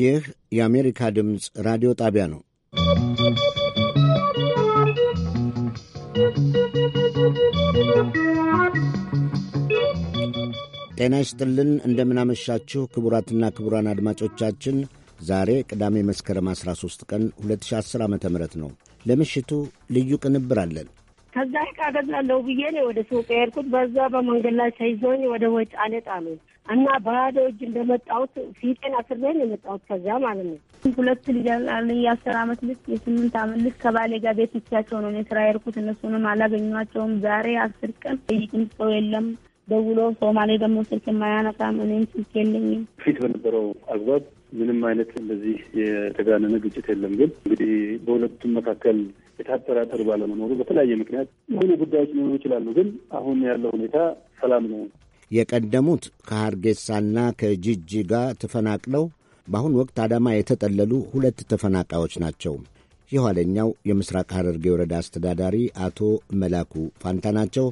ይህ የአሜሪካ ድምፅ ራዲዮ ጣቢያ ነው። ጤና ይስጥልን፣ እንደምናመሻችሁ ክቡራትና ክቡራን አድማጮቻችን ዛሬ ቅዳሜ መስከረም 13 ቀን 2010 ዓ ም ነው። ለምሽቱ ልዩ ቅንብር አለን። ከዛ ዕቃ ገዛለሁ ብዬ ነው ወደ ሱቅ የሄድኩት። በዛ በመንገድ ላይ ተይዞኝ ወደ ወጫሌ ጣሉኝ እና ባዶ እጅ እንደመጣሁት ፊቴን አስሬ ነው የመጣሁት። ከዛ ማለት ነው ሁለት ልጅ አለኝ፣ የአስር አመት ልጅ፣ የስምንት አመት ልጅ። ከባሌ ጋር ቤት ትቻቸው ነው ስራ የሄድኩት። እነሱንም አላገኟቸውም። ዛሬ አስር ቀን ጠይቅም ሰው የለም ደውሎ ሶማሌ ደግሞ ስልክ የማያነሳም እኔም ስልክ የለኝም። ፊት በነበረው አግባብ ምንም አይነት እንደዚህ የተጋነነ ግጭት የለም። ግን እንግዲህ በሁለቱም መካከል የታጠረ አጥር ባለመኖሩ በተለያየ ምክንያት የሆኑ ጉዳዮች ሊሆኑ ይችላሉ። ግን አሁን ያለው ሁኔታ ሰላም ነው። የቀደሙት ከሀርጌሳና ከጂጂጋ ተፈናቅለው በአሁኑ ወቅት አዳማ የተጠለሉ ሁለት ተፈናቃዮች ናቸው። የኋለኛው የምስራቅ ሐረርጌ ወረዳ አስተዳዳሪ አቶ መላኩ ፋንታ ናቸው።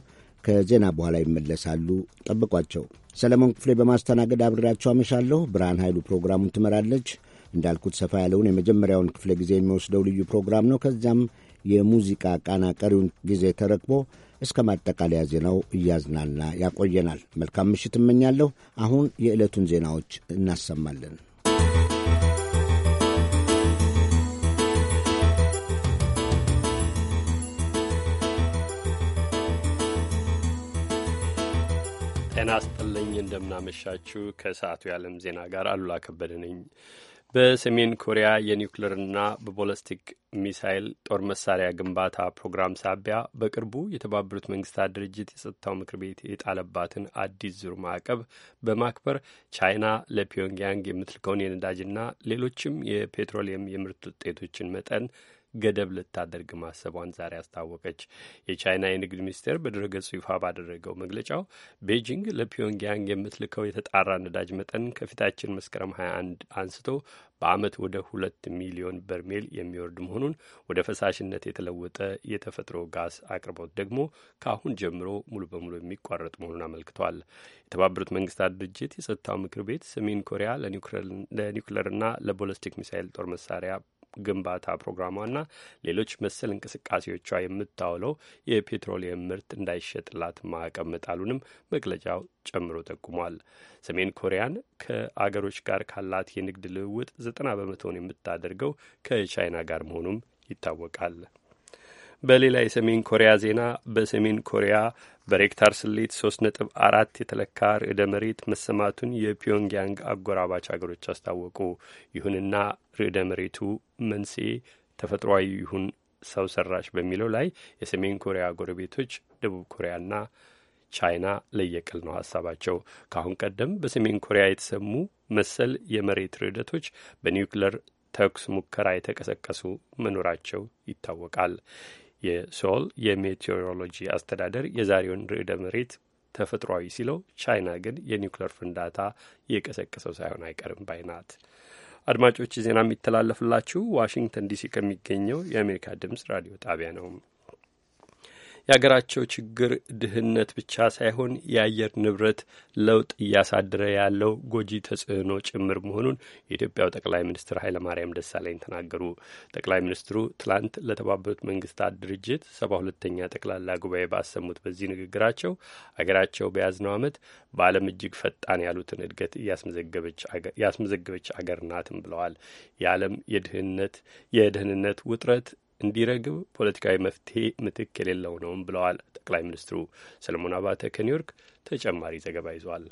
ከዜና በኋላ ይመለሳሉ። ጠብቋቸው። ሰለሞን ክፍሌ በማስተናገድ አብሬያቸው አመሻለሁ። ብርሃን ኃይሉ ፕሮግራሙን ትመራለች። እንዳልኩት ሰፋ ያለውን የመጀመሪያውን ክፍለ ጊዜ የሚወስደው ልዩ ፕሮግራም ነው። ከዚያም የሙዚቃ ቃና ቀሪውን ጊዜ ተረክቦ እስከ ማጠቃለያ ዜናው እያዝናና ያቆየናል። መልካም ምሽት እመኛለሁ። አሁን የዕለቱን ዜናዎች እናሰማለን። ጤና እንደምናመሻችው እንደምናመሻችሁ ከሰዓቱ የዓለም ዜና ጋር አሉላ ከበደ ነኝ። በሰሜን ኮሪያ የኒውክሌርና በቦለስቲክ ሚሳይል ጦር መሳሪያ ግንባታ ፕሮግራም ሳቢያ በቅርቡ የተባበሩት መንግስታት ድርጅት የጸጥታው ምክር ቤት የጣለባትን አዲስ ዙር ማዕቀብ በማክበር ቻይና ለፒዮንግያንግ የምትልከውን የነዳጅና ሌሎችም የፔትሮሊየም የምርት ውጤቶችን መጠን ገደብ ልታደርግ ማሰቧን ዛሬ አስታወቀች። የቻይና የንግድ ሚኒስቴር በድረገጹ ይፋ ባደረገው መግለጫው ቤጂንግ ለፒዮንግያንግ የምትልከው የተጣራ ነዳጅ መጠን ከፊታችን መስከረም 21 አንስቶ በዓመት ወደ ሁለት ሚሊዮን በርሜል የሚወርድ መሆኑን ወደ ፈሳሽነት የተለወጠ የተፈጥሮ ጋዝ አቅርቦት ደግሞ ከአሁን ጀምሮ ሙሉ በሙሉ የሚቋረጥ መሆኑን አመልክቷል። የተባበሩት መንግስታት ድርጅት የጸጥታው ምክር ቤት ሰሜን ኮሪያ ለኒውክለርና ለቦለስቲክ ሚሳይል ጦር መሳሪያ ግንባታ ፕሮግራሟና ሌሎች መሰል እንቅስቃሴዎቿ የምታውለው የፔትሮሊየም ምርት እንዳይሸጥላት ማዕቀብ መጣሉንም መግለጫው ጨምሮ ጠቁሟል። ሰሜን ኮሪያን ከአገሮች ጋር ካላት የንግድ ልውውጥ ዘጠና በመቶውን የምታደርገው ከቻይና ጋር መሆኑም ይታወቃል። በሌላ የሰሜን ኮሪያ ዜና በሰሜን ኮሪያ በሬክታር ስሌት ሶስት ነጥብ አራት የተለካ ርዕደ መሬት መሰማቱን የፒዮንግያንግ አጎራባች አገሮች አስታወቁ። ይሁንና ርዕደ መሬቱ መንስኤ ተፈጥሯዊ ይሁን ሰው ሰራሽ በሚለው ላይ የሰሜን ኮሪያ ጎረቤቶች ደቡብ ኮሪያና ቻይና ለየቅል ነው ሀሳባቸው። ከአሁን ቀደም በሰሜን ኮሪያ የተሰሙ መሰል የመሬት ርዕደቶች በኒውክለር ተኩስ ሙከራ የተቀሰቀሱ መኖራቸው ይታወቃል። የሶል የሜቴዎሮሎጂ አስተዳደር የዛሬውን ርዕደ መሬት ተፈጥሯዊ ሲለው፣ ቻይና ግን የኒውክሌር ፍንዳታ የቀሰቀሰው ሳይሆን አይቀርም ባይ ናት። አድማጮች ዜና የሚተላለፍላችሁ ዋሽንግተን ዲሲ ከሚገኘው የአሜሪካ ድምጽ ራዲዮ ጣቢያ ነው። የአገራቸው ችግር ድህነት ብቻ ሳይሆን የአየር ንብረት ለውጥ እያሳደረ ያለው ጎጂ ተጽዕኖ ጭምር መሆኑን የኢትዮጵያው ጠቅላይ ሚኒስትር ኃይለማርያም ደሳለኝ ተናገሩ። ጠቅላይ ሚኒስትሩ ትላንት ለተባበሩት መንግስታት ድርጅት ሰባ ሁለተኛ ጠቅላላ ጉባኤ ባሰሙት በዚህ ንግግራቸው አገራቸው በያዝነው ዓመት በዓለም እጅግ ፈጣን ያሉትን እድገት ያስመዘገበች አገር ናትም ብለዋል። የዓለም የድህነት የደህንነት ውጥረት እንዲረግብ ፖለቲካዊ መፍትሄ ምትክ የሌለው ነውም ብለዋል ጠቅላይ ሚኒስትሩ። ሰለሞን አባተ ከኒውዮርክ ተጨማሪ ዘገባ ይዟል።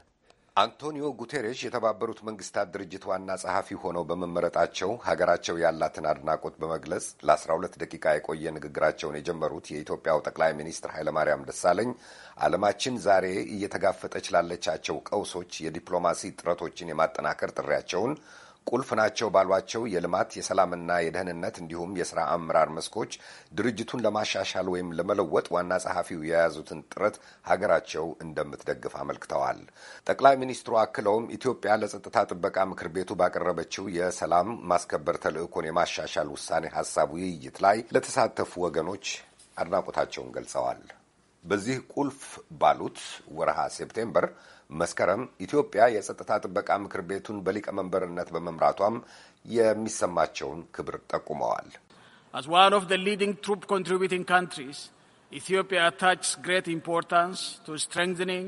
አንቶኒዮ ጉቴሬሽ የተባበሩት መንግስታት ድርጅት ዋና ጸሐፊ ሆነው በመመረጣቸው ሀገራቸው ያላትን አድናቆት በመግለጽ ለ12 ደቂቃ የቆየ ንግግራቸውን የጀመሩት የኢትዮጵያው ጠቅላይ ሚኒስትር ኃይለማርያም ደሳለኝ ዓለማችን ዛሬ እየተጋፈጠች ላለቻቸው ቀውሶች የዲፕሎማሲ ጥረቶችን የማጠናከር ጥሪያቸውን ቁልፍ ናቸው ባሏቸው የልማት የሰላምና የደህንነት እንዲሁም የሥራ አመራር መስኮች ድርጅቱን ለማሻሻል ወይም ለመለወጥ ዋና ጸሐፊው የያዙትን ጥረት ሀገራቸው እንደምትደግፍ አመልክተዋል። ጠቅላይ ሚኒስትሩ አክለውም ኢትዮጵያ ለጸጥታ ጥበቃ ምክር ቤቱ ባቀረበችው የሰላም ማስከበር ተልዕኮን የማሻሻል ውሳኔ ሀሳብ ውይይት ላይ ለተሳተፉ ወገኖች አድናቆታቸውን ገልጸዋል። በዚህ ቁልፍ ባሉት ወርሃ ሴፕቴምበር መስከረም ኢትዮጵያ የጸጥታ ጥበቃ ምክር ቤቱን በሊቀመንበርነት በመምራቷም የሚሰማቸውን ክብር ጠቁመዋል። As one of the leading troop contributing countries, Ethiopia attaches great importance to strengthening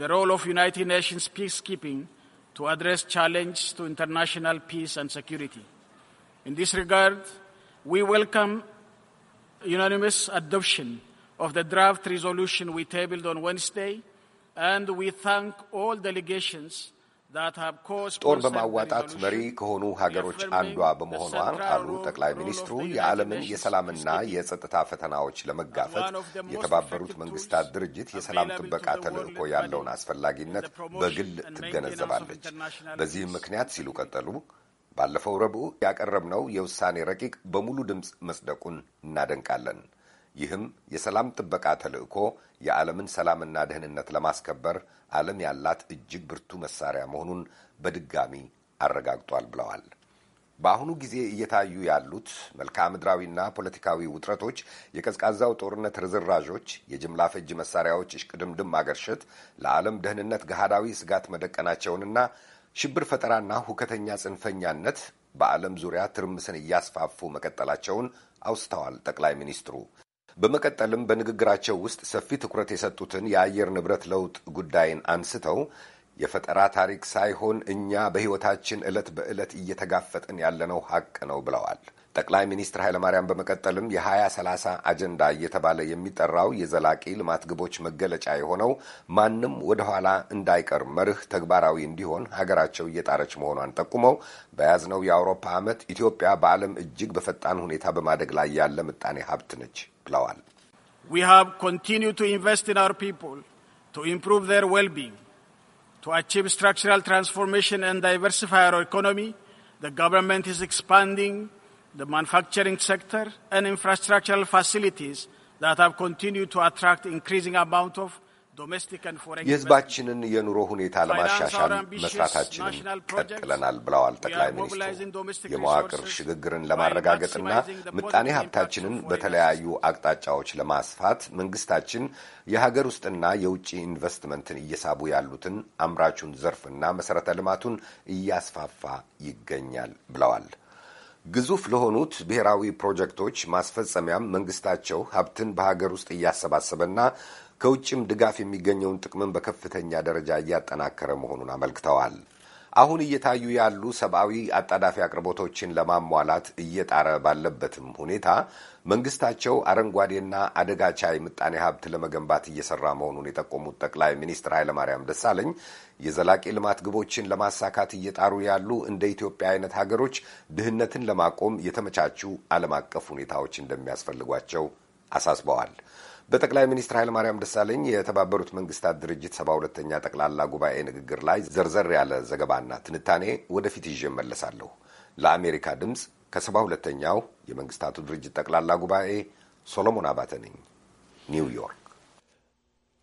the role of United Nations peacekeeping to address challenges to international peace and security. In this regard, we welcome unanimous adoption of the draft resolution we tabled on Wednesday ጦር በማዋጣት መሪ ከሆኑ ሀገሮች አንዷ በመሆኗ አሉ ጠቅላይ ሚኒስትሩ የዓለምን የሰላምና የጸጥታ ፈተናዎች ለመጋፈጥ የተባበሩት መንግስታት ድርጅት የሰላም ጥበቃ ተልዕኮ ያለውን አስፈላጊነት በግል ትገነዘባለች። በዚህም ምክንያት ሲሉ ቀጠሉ፣ ባለፈው ረቡዕ ያቀረብነው የውሳኔ ረቂቅ በሙሉ ድምፅ መጽደቁን እናደንቃለን። ይህም የሰላም ጥበቃ ተልዕኮ የዓለምን ሰላምና ደህንነት ለማስከበር ዓለም ያላት እጅግ ብርቱ መሳሪያ መሆኑን በድጋሚ አረጋግጧል ብለዋል። በአሁኑ ጊዜ እየታዩ ያሉት መልክዓ ምድራዊና ፖለቲካዊ ውጥረቶች፣ የቀዝቃዛው ጦርነት ርዝራዦች፣ የጅምላ ፈጅ መሳሪያዎች እሽቅድምድም አገርሸት ለዓለም ደህንነት ገሃዳዊ ስጋት መደቀናቸውንና ሽብር ፈጠራና ሁከተኛ ጽንፈኛነት በዓለም ዙሪያ ትርምስን እያስፋፉ መቀጠላቸውን አውስተዋል ጠቅላይ ሚኒስትሩ። በመቀጠልም በንግግራቸው ውስጥ ሰፊ ትኩረት የሰጡትን የአየር ንብረት ለውጥ ጉዳይን አንስተው የፈጠራ ታሪክ ሳይሆን እኛ በሕይወታችን ዕለት በዕለት እየተጋፈጥን ያለነው ሀቅ ነው ብለዋል። ጠቅላይ ሚኒስትር ኃይለማርያም በመቀጠልም የ2030 አጀንዳ እየተባለ የሚጠራው የዘላቂ ልማት ግቦች መገለጫ የሆነው ማንም ወደኋላ እንዳይቀር መርህ ተግባራዊ እንዲሆን ሀገራቸው እየጣረች መሆኗን ጠቁመው በያዝነው የአውሮፓ ዓመት ኢትዮጵያ በዓለም እጅግ በፈጣን ሁኔታ በማደግ ላይ ያለ ምጣኔ ሀብት ነች We have continued to invest in our people to improve their well-being. To achieve structural transformation and diversify our economy, the government is expanding the manufacturing sector and infrastructural facilities that have continued to attract increasing amount of የህዝባችንን የኑሮ ሁኔታ ለማሻሻል መስራታችንን ቀጥለናል ብለዋል ጠቅላይ ሚኒስትሩ። የመዋቅር ሽግግርን ለማረጋገጥና ምጣኔ ሀብታችንን በተለያዩ አቅጣጫዎች ለማስፋት መንግስታችን የሀገር ውስጥና የውጭ ኢንቨስትመንትን እየሳቡ ያሉትን አምራቹን ዘርፍና መሠረተ ልማቱን እያስፋፋ ይገኛል ብለዋል። ግዙፍ ለሆኑት ብሔራዊ ፕሮጀክቶች ማስፈጸሚያም መንግስታቸው ሀብትን በሀገር ውስጥ እያሰባሰበና ከውጭም ድጋፍ የሚገኘውን ጥቅምን በከፍተኛ ደረጃ እያጠናከረ መሆኑን አመልክተዋል። አሁን እየታዩ ያሉ ሰብአዊ አጣዳፊ አቅርቦቶችን ለማሟላት እየጣረ ባለበትም ሁኔታ መንግስታቸው አረንጓዴና አደጋ ቻይ ምጣኔ ሀብት ለመገንባት እየሰራ መሆኑን የጠቆሙት ጠቅላይ ሚኒስትር ኃይለማርያም ደሳለኝ የዘላቂ ልማት ግቦችን ለማሳካት እየጣሩ ያሉ እንደ ኢትዮጵያ አይነት ሀገሮች ድህነትን ለማቆም የተመቻቹ ዓለም አቀፍ ሁኔታዎች እንደሚያስፈልጓቸው አሳስበዋል። በጠቅላይ ሚኒስትር ኃይለማርያም ደሳለኝ የተባበሩት መንግስታት ድርጅት ሰባ ሁለተኛ ጠቅላላ ጉባኤ ንግግር ላይ ዘርዘር ያለ ዘገባና ትንታኔ ወደፊት ይዤ እመለሳለሁ። ለአሜሪካ ድምፅ ከሰባ ሁለተኛው የመንግስታቱ ድርጅት ጠቅላላ ጉባኤ ሶሎሞን አባተ ነኝ፣ ኒውዮርክ።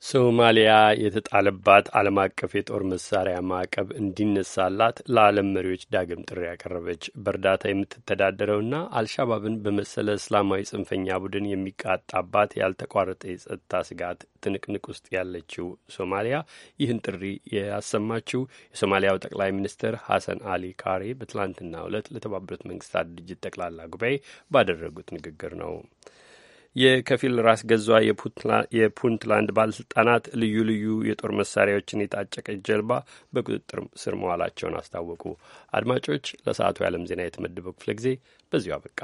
ሶማሊያ የተጣለባት ዓለም አቀፍ የጦር መሳሪያ ማዕቀብ እንዲነሳላት ለዓለም መሪዎች ዳግም ጥሪ ያቀረበች በእርዳታ የምትተዳደረውና አልሻባብን በመሰለ እስላማዊ ጽንፈኛ ቡድን የሚቃጣባት ያልተቋረጠ የጸጥታ ስጋት ትንቅንቅ ውስጥ ያለችው ሶማሊያ ይህን ጥሪ ያሰማችው የሶማሊያው ጠቅላይ ሚኒስትር ሐሰን አሊ ካሬ በትላንትናው ዕለት ለተባበሩት መንግስታት ድርጅት ጠቅላላ ጉባኤ ባደረጉት ንግግር ነው። የከፊል ራስ ገዟ የፑንትላንድ ባለስልጣናት ልዩ ልዩ የጦር መሳሪያዎችን የታጨቀች ጀልባ በቁጥጥር ስር መዋላቸውን አስታወቁ። አድማጮች፣ ለሰዓቱ የዓለም ዜና የተመደበው ክፍለ ጊዜ በዚሁ አበቃ።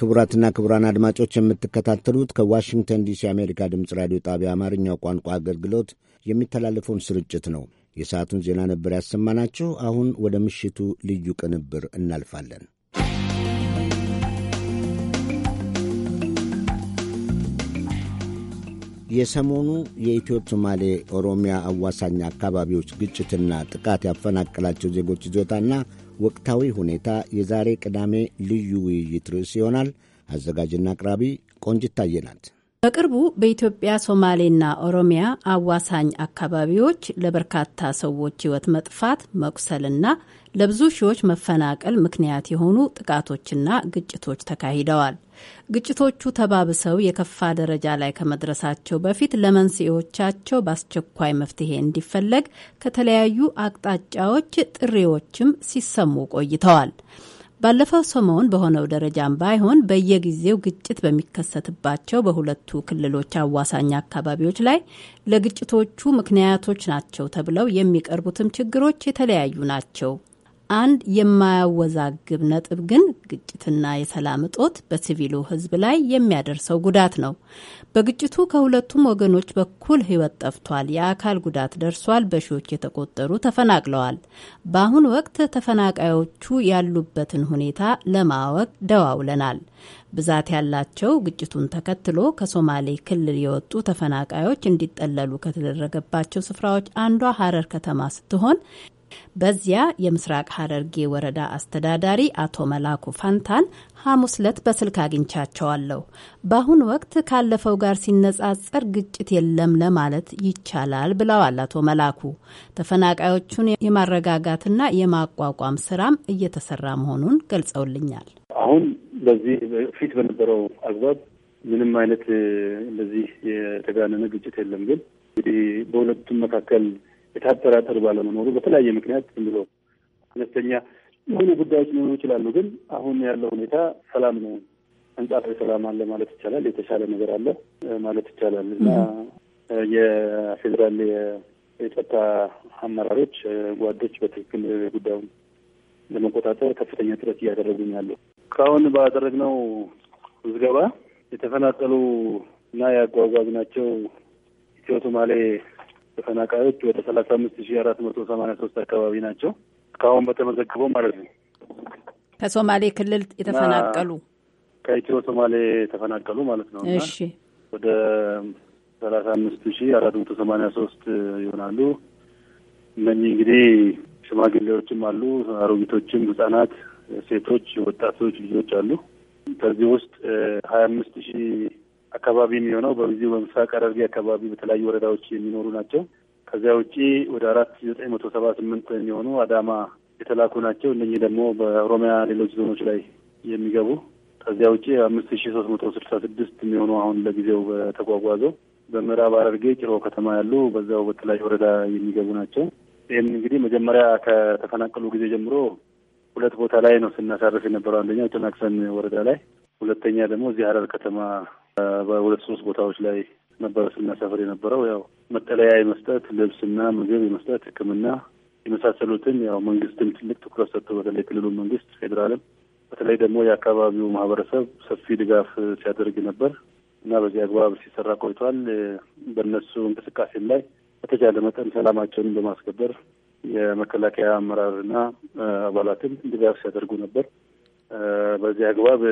ክቡራትና ክቡራን አድማጮች የምትከታተሉት ከዋሽንግተን ዲሲ የአሜሪካ ድምፅ ራዲዮ ጣቢያ አማርኛው ቋንቋ አገልግሎት የሚተላለፈውን ስርጭት ነው። የሰዓቱን ዜና ነበር ያሰማናችሁ። አሁን ወደ ምሽቱ ልዩ ቅንብር እናልፋለን። የሰሞኑ የኢትዮ ሶማሌ ኦሮሚያ አዋሳኝ አካባቢዎች ግጭትና ጥቃት ያፈናቀላቸው ዜጎች ይዞታና ወቅታዊ ሁኔታ የዛሬ ቅዳሜ ልዩ ውይይት ርዕስ ይሆናል። አዘጋጅና አቅራቢ ቆንጅት ታየ በቅርቡ በኢትዮጵያ ሶማሌና ኦሮሚያ አዋሳኝ አካባቢዎች ለበርካታ ሰዎች ሕይወት መጥፋት መቁሰልና ለብዙ ሺዎች መፈናቀል ምክንያት የሆኑ ጥቃቶችና ግጭቶች ተካሂደዋል። ግጭቶቹ ተባብሰው የከፋ ደረጃ ላይ ከመድረሳቸው በፊት ለመንስኤዎቻቸው በአስቸኳይ መፍትሄ እንዲፈለግ ከተለያዩ አቅጣጫዎች ጥሪዎችም ሲሰሙ ቆይተዋል። ባለፈው ሰሞን በሆነው ደረጃም ባይሆን በየጊዜው ግጭት በሚከሰትባቸው በሁለቱ ክልሎች አዋሳኝ አካባቢዎች ላይ ለግጭቶቹ ምክንያቶች ናቸው ተብለው የሚቀርቡትም ችግሮች የተለያዩ ናቸው። አንድ የማያወዛግብ ነጥብ ግን ግጭትና የሰላም እጦት በሲቪሉ ሕዝብ ላይ የሚያደርሰው ጉዳት ነው። በግጭቱ ከሁለቱም ወገኖች በኩል ሕይወት ጠፍቷል፣ የአካል ጉዳት ደርሷል፣ በሺዎች የተቆጠሩ ተፈናቅለዋል። በአሁኑ ወቅት ተፈናቃዮቹ ያሉበትን ሁኔታ ለማወቅ ደዋውለናል። ብዛት ያላቸው ግጭቱን ተከትሎ ከሶማሌ ክልል የወጡ ተፈናቃዮች እንዲጠለሉ ከተደረገባቸው ስፍራዎች አንዷ ሀረር ከተማ ስትሆን በዚያ የምስራቅ ሀረርጌ ወረዳ አስተዳዳሪ አቶ መላኩ ፋንታን ሐሙስ ዕለት በስልክ አግኝቻቸዋለሁ። በአሁን ወቅት ካለፈው ጋር ሲነጻጸር ግጭት የለም ለማለት ይቻላል ብለዋል አቶ መላኩ። ተፈናቃዮቹን የማረጋጋትና የማቋቋም ስራም እየተሰራ መሆኑን ገልጸውልኛል። አሁን በዚህ ፊት በነበረው አግባብ ምንም አይነት እንደዚህ የተጋነነ ግጭት የለም። ግን እንግዲህ በሁለቱም መካከል የታጠረ አጥር ባለመኖሩ በተለያየ ምክንያት ዝም ብሎ አነስተኛ የሆኑ ጉዳዮች ሊሆኑ ይችላሉ። ግን አሁን ያለው ሁኔታ ሰላም ነው፣ አንጻራዊ ሰላም አለ ማለት ይቻላል። የተሻለ ነገር አለ ማለት ይቻላል እና የፌዴራል የጸጥታ አመራሮች ጓዶች በትክክል ጉዳዩን ለመቆጣጠር ከፍተኛ ጥረት እያደረጉ ነው ያለው። ባደረግነው ምዝገባ የተፈናቀሉ እና ያጓጓዝናቸው ኢትዮ ሶማሌ ተፈናቃዮች ወደ ሰላሳ አምስት ሺ አራት መቶ ሰማንያ ሶስት አካባቢ ናቸው እስካሁን በተመዘገበው ማለት ነው። ከሶማሌ ክልል የተፈናቀሉ ከኢትዮ ሶማሌ የተፈናቀሉ ማለት ነው። እሺ ወደ ሰላሳ አምስት ሺ አራት መቶ ሰማንያ ሶስት ይሆናሉ። እነኚህ እንግዲህ ሽማግሌዎችም አሉ፣ አሮጊቶችም፣ ህጻናት፣ ሴቶች፣ ወጣቶች ልጆች አሉ። ከዚህ ውስጥ ሀያ አምስት ሺህ አካባቢ የሚሆነው በዚህ በምስራቅ ሐረርጌ አካባቢ በተለያዩ ወረዳዎች የሚኖሩ ናቸው። ከዚያ ውጪ ወደ አራት ዘጠኝ መቶ ሰባ ስምንት የሚሆኑ አዳማ የተላኩ ናቸው። እነኚህ ደግሞ በኦሮሚያ ሌሎች ዞኖች ላይ የሚገቡ ከዚያ ውጪ አምስት ሺ ሶስት መቶ ስልሳ ስድስት የሚሆኑ አሁን ለጊዜው በተጓጓዘው በምዕራብ ሐረርጌ ጭሮ ከተማ ያሉ በዚያው በተለያዩ ወረዳ የሚገቡ ናቸው። ይህም እንግዲህ መጀመሪያ ከተፈናቀሉ ጊዜ ጀምሮ ሁለት ቦታ ላይ ነው ስናሳርፍ የነበረው። አንደኛው ጭናክሰን ወረዳ ላይ፣ ሁለተኛ ደግሞ እዚህ ሐረር ከተማ በሁለት ሶስት ቦታዎች ላይ ነበረ ስናሰፍር የነበረው ያው መጠለያ የመስጠት ልብስና ምግብ የመስጠት ሕክምና የመሳሰሉትን ያው መንግስትም ትልቅ ትኩረት ሰጥቶ በተለይ ክልሉ መንግስት ፌዴራልም በተለይ ደግሞ የአካባቢው ማህበረሰብ ሰፊ ድጋፍ ሲያደርግ ነበር እና በዚህ አግባብ ሲሰራ ቆይቷል። በእነሱ እንቅስቃሴም ላይ በተቻለ መጠን ሰላማቸውን በማስከበር የመከላከያ አመራርና አባላትም ድጋፍ ሲያደርጉ ነበር። በዚህ አግባብ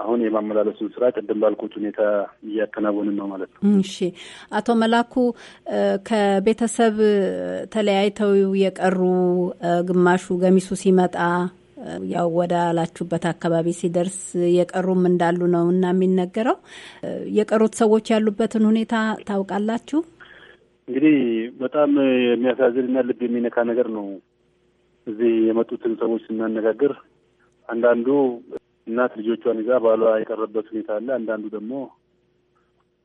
አሁን የማመላለሱን ስራ ቅድም ባልኩት ሁኔታ እያከናወንን ነው ማለት ነው። እሺ፣ አቶ መላኩ ከቤተሰብ ተለያይተው የቀሩ ግማሹ ገሚሱ ሲመጣ ያው ወደ አላችሁበት አካባቢ ሲደርስ የቀሩም እንዳሉ ነው እና የሚነገረው የቀሩት ሰዎች ያሉበትን ሁኔታ ታውቃላችሁ? እንግዲህ በጣም የሚያሳዝንና ልብ የሚነካ ነገር ነው። እዚህ የመጡትን ሰዎች ስናነጋግር አንዳንዱ እናት ልጆቿን ይዛ ባሏ የቀረበት ሁኔታ አለ። አንዳንዱ ደግሞ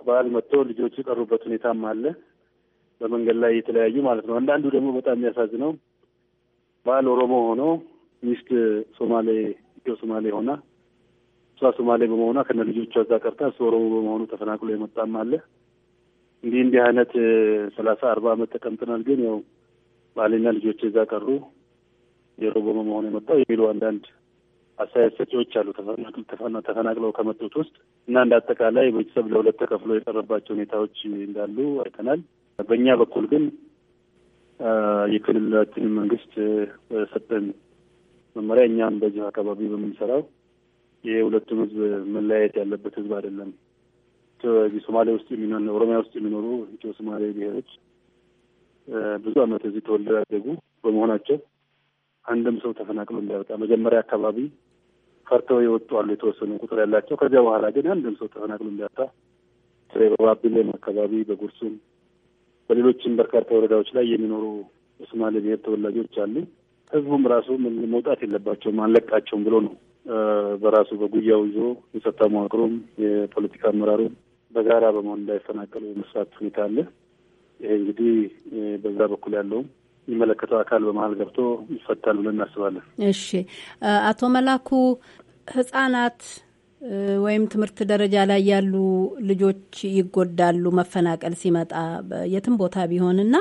ባል መጥቶ ልጆች የቀሩበት ሁኔታም አለ። በመንገድ ላይ የተለያዩ ማለት ነው። አንዳንዱ ደግሞ በጣም የሚያሳዝነው ባል ኦሮሞ ሆኖ ሚስት ሶማሌ ኢትዮ ሶማሌ ሆና እሷ ሶማሌ በመሆኗ ከነ ልጆቿ እዛ ቀርታ እሱ ኦሮሞ በመሆኑ ተፈናቅሎ የመጣም አለ። እንዲህ እንዲህ አይነት ሰላሳ አርባ አመት ተቀምጠናል፣ ግን ያው ባሌና ልጆች እዛ ቀሩ የኦሮሞ በመሆኑ የመጣው የሚሉ አንዳንድ አስተያየት ሰጪዎች አሉ። ተፈናቅለው ከመጡት ውስጥ እና እንደ አጠቃላይ ቤተሰብ ለሁለት ተከፍሎ የቀረባቸው ሁኔታዎች እንዳሉ አይተናል። በእኛ በኩል ግን የክልላችን መንግስት በሰጠን መመሪያ እኛም በዚህ አካባቢ በምንሰራው የሁለቱም ህዝብ መለያየት ያለበት ህዝብ አይደለም። ሶማሌ ውስጥ የሚኖሩ ኦሮሚያ ውስጥ የሚኖሩ ኢትዮ ሶማሌ ብሔሮች ብዙ አመት እዚህ ተወልደው ያደጉ በመሆናቸው አንድም ሰው ተፈናቅሎ እንዳይወጣ መጀመሪያ አካባቢ ፈርተው የወጡ አሉ፣ የተወሰኑ ቁጥር ያላቸው። ከዚያ በኋላ ግን አንድም ሰው ተፈናቅሎ እንዳያጣ በባቢሌም አካባቢ በጉርሱም በሌሎችም በርካታ ወረዳዎች ላይ የሚኖሩ የሶማሌ ብሔር ተወላጆች አሉ። ህዝቡም ራሱ መውጣት የለባቸውም አንለቃቸውም ብሎ ነው በራሱ በጉያው ይዞ የጸጥታ መዋቅሩም የፖለቲካ አመራሩም በጋራ በመሆን እንዳይፈናቀሉ መስራት ሁኔታ አለ። ይሄ እንግዲህ በዛ በኩል ያለውም የሚመለከተው አካል በመሀል ገብቶ ይፈታል ብለን እናስባለን። እሺ፣ አቶ መላኩ ህጻናት ወይም ትምህርት ደረጃ ላይ ያሉ ልጆች ይጎዳሉ መፈናቀል ሲመጣ የትም ቦታ ቢሆንና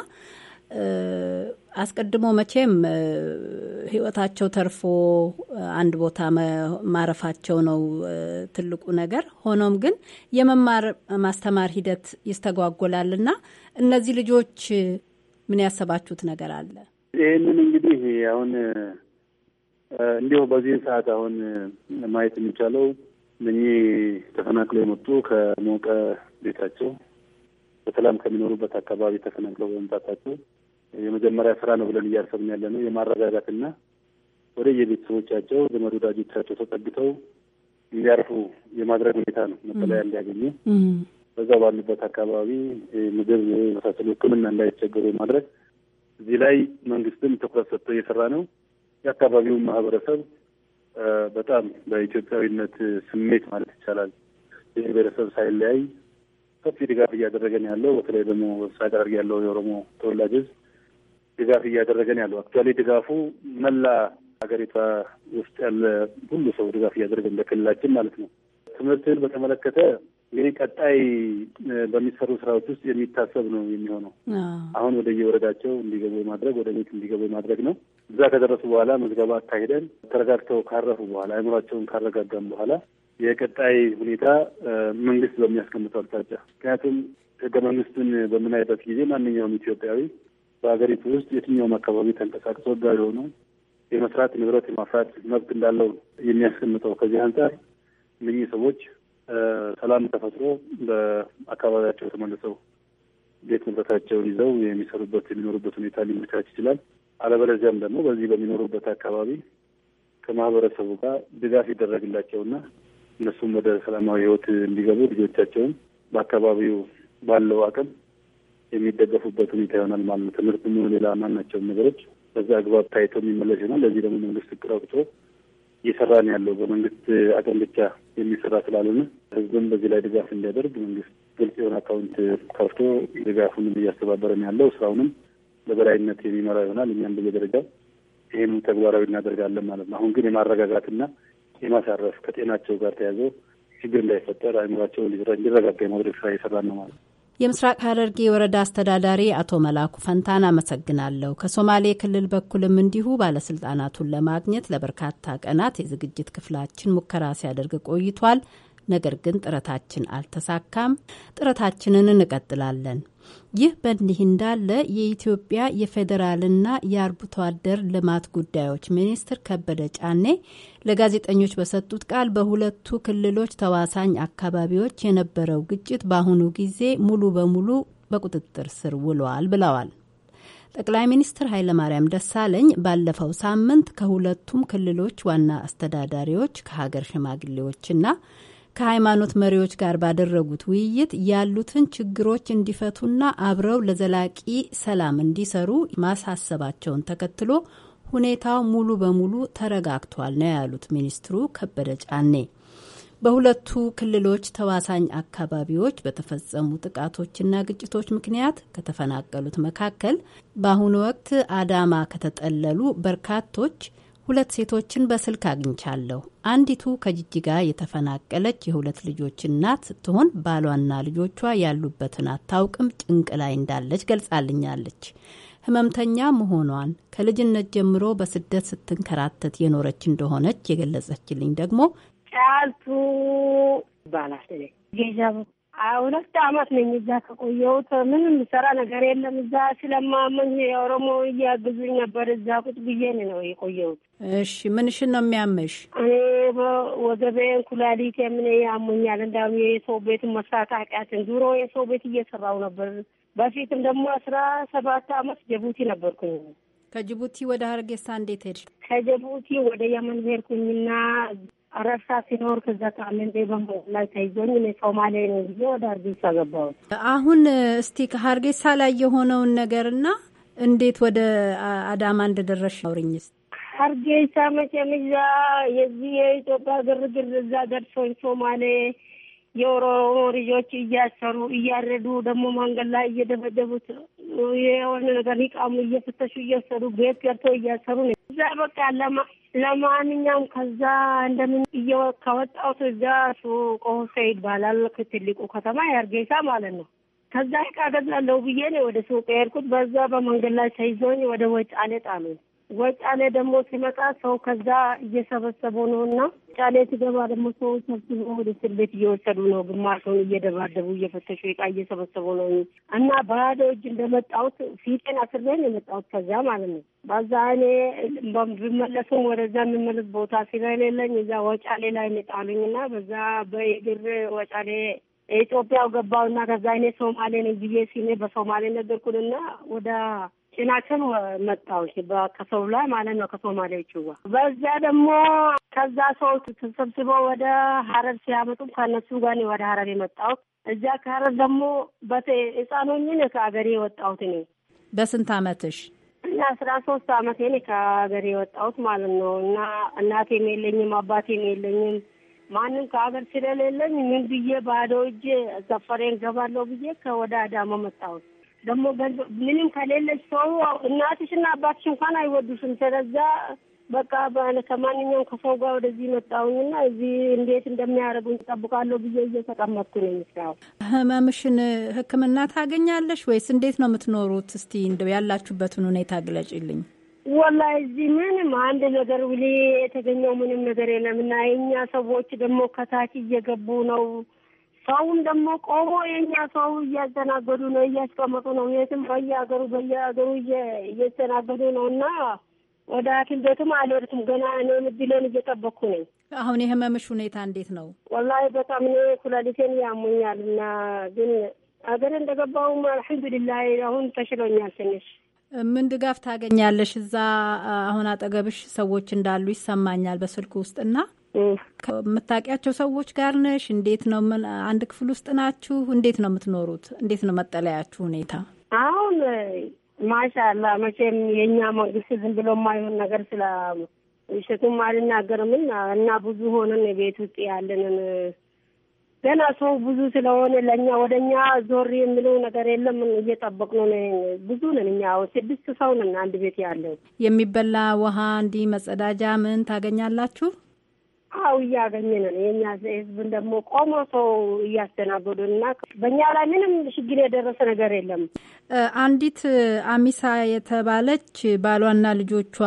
አስቀድሞ መቼም ህይወታቸው ተርፎ አንድ ቦታ ማረፋቸው ነው ትልቁ ነገር። ሆኖም ግን የመማር ማስተማር ሂደት ይስተጓጎላልና እነዚህ ልጆች ምን ያሰባችሁት ነገር አለ? ይህንን እንግዲህ አሁን እንዲሁ በዚህ ሰዓት አሁን ማየት የሚቻለው እነኚህ ተፈናቅለው የመጡ ከሞቀ ቤታቸው በሰላም ከሚኖሩበት አካባቢ ተፈናቅለው በመምጣታቸው የመጀመሪያ ስራ ነው ብለን እያሰብን ያለ ነው የማረጋጋትና ወደ የቤተሰቦቻቸው ዘመድ ወዳጆቻቸው ተጠግተው እንዲያርፉ የማድረግ ሁኔታ ነው መጠለያ እንዲያገኙ በዛ ባሉበት አካባቢ ምግብ የመሳሰሉ ሕክምና እንዳይቸገሩ ማድረግ እዚህ ላይ መንግስትም ትኩረት ሰጥቶ እየሰራ ነው። የአካባቢውን ማህበረሰብ በጣም በኢትዮጵያዊነት ስሜት ማለት ይቻላል ይህ ብሔረሰብ ሳይለያይ ሰፊ ድጋፍ እያደረገን ያለው በተለይ ደግሞ ሳቅ አድርግ ያለው የኦሮሞ ተወላጅ ድጋፍ እያደረገን ያለው አክቹዋሊ ድጋፉ መላ ሀገሪቷ ውስጥ ያለ ሁሉ ሰው ድጋፍ እያደረገ እንደ ክልላችን ማለት ነው። ትምህርትን በተመለከተ ይህ ቀጣይ በሚሰሩ ስራዎች ውስጥ የሚታሰብ ነው የሚሆነው። አሁን ወደ የወረዳቸው እንዲገቡ ማድረግ ወደ ቤት እንዲገቡ ማድረግ ነው። እዛ ከደረሱ በኋላ ምዝገባ አካሂደን ተረጋግተው ካረፉ በኋላ አይምሯቸውን ካረጋጋም በኋላ የቀጣይ ሁኔታ መንግስት በሚያስቀምጠው አቅጣጫ፣ ምክንያቱም ህገ መንግስትን በምናይበት ጊዜ ማንኛውም ኢትዮጵያዊ በሀገሪቱ ውስጥ የትኛውም አካባቢ ተንቀሳቅሶ ህጋዊ ሆኖ የመስራት ንብረት የማፍራት መብት እንዳለው የሚያስቀምጠው ከዚህ አንጻር እነኚህ ሰዎች ሰላም ተፈጥሮ በአካባቢያቸው ተመልሰው ቤት ንብረታቸውን ይዘው የሚሰሩበት የሚኖሩበት ሁኔታ ሊመቻች ይችላል። አለበለዚያም ደግሞ በዚህ በሚኖሩበት አካባቢ ከማህበረሰቡ ጋር ድጋፍ ይደረግላቸውና እነሱም ወደ ሰላማዊ ህይወት እንዲገቡ ልጆቻቸውን በአካባቢው ባለው አቅም የሚደገፉበት ሁኔታ ይሆናል ማለት ነው። ትምህርት ሆነ ሌላ ማናቸውም ነገሮች በዛ አግባብ ታይቶ የሚመለስ ይሆናል። ለዚህ ደግሞ መንግስት እቅድ አውጥቶ እየሰራ ነው ያለው። በመንግስት አቅም ብቻ የሚሰራ ስላልሆነ ህዝብም በዚህ ላይ ድጋፍ እንዲያደርግ መንግስት ግልጽ የሆነ አካውንት ከፍቶ ድጋፉንም እያስተባበረ ነው ያለው። ስራውንም በበላይነት የሚመራ ይሆናል። እኛም ደረጃ ይህም ተግባራዊ እናደርጋለን ማለት ነው። አሁን ግን የማረጋጋትና የማሳረፍ ከጤናቸው ጋር ተያይዞ ችግር እንዳይፈጠር አእምሯቸው እንዲረጋጋ የማድረግ ስራ እየሰራ ነው ማለት ነው። የምስራቅ ሐረርጌ ወረዳ አስተዳዳሪ አቶ መላኩ ፈንታን አመሰግናለሁ። ከሶማሌ ክልል በኩልም እንዲሁ ባለስልጣናቱን ለማግኘት ለበርካታ ቀናት የዝግጅት ክፍላችን ሙከራ ሲያደርግ ቆይቷል። ነገር ግን ጥረታችን አልተሳካም። ጥረታችንን እንቀጥላለን። ይህ በእንዲህ እንዳለ የኢትዮጵያ የፌዴራልና የአርብቶ አደር ልማት ጉዳዮች ሚኒስትር ከበደ ጫኔ ለጋዜጠኞች በሰጡት ቃል በሁለቱ ክልሎች ተዋሳኝ አካባቢዎች የነበረው ግጭት በአሁኑ ጊዜ ሙሉ በሙሉ በቁጥጥር ስር ውሏል ብለዋል። ጠቅላይ ሚኒስትር ኃይለማርያም ደሳለኝ ባለፈው ሳምንት ከሁለቱም ክልሎች ዋና አስተዳዳሪዎች ከሀገር ሽማግሌዎችና ከሃይማኖት መሪዎች ጋር ባደረጉት ውይይት ያሉትን ችግሮች እንዲፈቱና አብረው ለዘላቂ ሰላም እንዲሰሩ ማሳሰባቸውን ተከትሎ ሁኔታው ሙሉ በሙሉ ተረጋግቷል ነው ያሉት ሚኒስትሩ ከበደ ጫኔ። በሁለቱ ክልሎች ተዋሳኝ አካባቢዎች በተፈጸሙ ጥቃቶችና ግጭቶች ምክንያት ከተፈናቀሉት መካከል በአሁኑ ወቅት አዳማ ከተጠለሉ በርካቶች ሁለት ሴቶችን በስልክ አግኝቻለሁ። አንዲቱ ከጅጅጋ የተፈናቀለች የሁለት ልጆች እናት ስትሆን ባሏና ልጆቿ ያሉበትን አታውቅም፣ ጭንቅ ላይ እንዳለች ገልጻልኛለች። ህመምተኛ መሆኗን ከልጅነት ጀምሮ በስደት ስትንከራተት የኖረች እንደሆነች የገለጸችልኝ ደግሞ ጫልቱ ይባላል። ጌዛ ሁለት አመት ነኝ እዛ ከቆየሁት። ምንም ሰራ ነገር የለም እዛ ስለማመኝ የኦሮሞ እያግዙኝ ነበር። እዛ ቁጭ ብዬን ነው የቆየሁት። እሺ ምንሽን ነው የሚያመሽ? እኔ ወገቤን፣ ኩላሊት የምን ያሙኛል። እንዳውም የሰው ቤት መስራት አቃትን። ድሮ የሰው ቤት እየሰራው ነበር። በፊትም ደግሞ አስራ ሰባት አመት ጅቡቲ ነበርኩኝ። ከጅቡቲ ወደ ሀርጌሳ እንዴት ሄድሽ? ከጅቡቲ ወደ የመን ሄድኩኝና አረሳ ሲኖር ከዛ ከአለንዴ በንበ ላይ ተይዞኝ እኔ ሶማሌ ነው ብዬ ወደ አርጌሳ ገባሁት። አሁን እስቲ ከሀርጌሳ ላይ የሆነውን ነገርና እንዴት ወደ አዳማ እንደደረሽ አውሪኝስ። ሀርጌሳ መቼም እዛ የዚህ የኢትዮጵያ ግርግር እዛ ደርሶኝ ሶማሌ የኦሮሞ ልጆች እያሰሩ እያረዱ ደግሞ መንገድ ላይ እየደበደቡት የሆነ ነገር ይቃሙ እየፈተሹ እየወሰዱ ቤት ገብተው እያሰሩ ነው። እዛ በቃ ለማንኛውም ከዛ እንደምን ከወጣሁት እዛ ቆሆሴ ይባላል ትልቁ ከተማ የአርጌሳ ማለት ነው። ከዛ ዕቃ ብዬ ነው ወደ ሱቅ የሄድኩት። በዛ በመንገድ ላይ ተይዞኝ ወደ ወጫሌ ጣሉኝ። ወጫሌ ደግሞ ሲመጣ ሰው ከዛ እየሰበሰቡ ነው እና ጫሌ ሲገባ ደግሞ ሰው ሰብስቦ ወደ እስር ቤት እየወሰዱ ነው። ግማሹን እየደባደቡ እየፈተሹ ዕቃ እየሰበሰቡ ነው እና ባዶ እጅ እንደመጣሁት ፊቴን አስሬን የመጣሁት ከዛ ማለት ነው። በዛ እኔ ብመለሱም ወደዛ የምመለስ ቦታ ስለሌለኝ እዛ ወጫሌ ላይ ጣሉኝ እና በዛ በእግር ወጫሌ የኢትዮጵያው ገባው እና ከዛ እኔ ሶማሌ ነኝ ብዬ ሲኔ በሶማሌ ነገርኩን እና ወደ ጭናችን መጣው ከሰው ላይ ማለት ነው ከሶማሌ ይችዋ በዚያ ደግሞ ከዛ ሰው ተሰብስበው ወደ ሀረር ሲያመጡ ከነሱ ጋር ወደ ሀረር የመጣሁት እዚያ ከሀረር ደግሞ በህፃኖኝን ከሀገሬ የወጣሁት እኔ በስንት አመትሽ? እና አስራ ሶስት አመቴ እኔ ከሀገሬ የወጣሁት ማለት ነው። እና እናቴም የለኝም አባቴም የለኝም ማንም ከሀገር ስለሌለኝ ምን ብዬ ባዶ እጄ ሰፈሬን ገባለሁ ብዬ ከወደ አዳማ መጣሁት። ደግሞ ምንም ከሌለች ሰው እናትሽና አባትሽ እንኳን አይወዱሽም። ስለዛ በቃ ከማንኛውም ከሰው ጋር ወደዚህ መጣውኝና እዚህ እንዴት እንደሚያደርጉኝ ጠብቃለሁ ብዬ እየተቀመጥኩ ነው እስካሁን ህመምሽን ህክምና ታገኛለሽ ወይስ እንዴት ነው የምትኖሩት? እስቲ እንደው ያላችሁበትን ሁኔታ ግለጭልኝ። ወላ እዚህ ምንም አንድ ነገር ውሌ የተገኘው ምንም ነገር የለም እና የእኛ ሰዎች ደግሞ ከታች እየገቡ ነው ሰውም ደግሞ ቆሞ የኛ ሰው እያስተናገዱ ነው፣ እያስቀመጡ ነው። የትም በየሀገሩ በየሀገሩ እየተናገዱ ነው እና ወደ ሐኪም ቤትም አልወርትም ገና ነው ምድለን እየጠበቅኩ ነኝ። አሁን የህመምሽ ሁኔታ እንዴት ነው? ወላሂ በጣም እኔ ኩላሊቴን ያሙኛል እና ግን ሀገር እንደገባሁም አልሐምዱሊላህ አሁን ተሽሎኛል ትንሽ። ምን ድጋፍ ታገኛለሽ? እዛ አሁን አጠገብሽ ሰዎች እንዳሉ ይሰማኛል በስልክ ውስጥ እና ከምታውቂያቸው ሰዎች ጋር ነሽ? እንዴት ነው? ምን አንድ ክፍል ውስጥ ናችሁ? እንዴት ነው የምትኖሩት? እንዴት ነው መጠለያችሁ ሁኔታ? አሁን ማሻላ መቼም የእኛ መንግስት ዝም ብሎ የማይሆን ነገር ስለ ውሸቱም አልናገርም እና ብዙ ሆነን ቤት ውስጥ ያለንን ገና ሰው ብዙ ስለሆነ ለእኛ ወደ እኛ ዞር የሚለው ነገር የለም። እየጠበቅን ነው። ብዙ ነን እኛ ስድስት ሰው ነን አንድ ቤት ያለው። የሚበላ ውሃ፣ እንዲህ መጸዳጃ ምን ታገኛላችሁ? አው እያገኘን ነው። የኛ ህዝብን ደግሞ ቆሞ ሰው እያስተናገዱና በእኛ ላይ ምንም ሽግል የደረሰ ነገር የለም። አንዲት አሚሳ የተባለች ባሏና ልጆቿ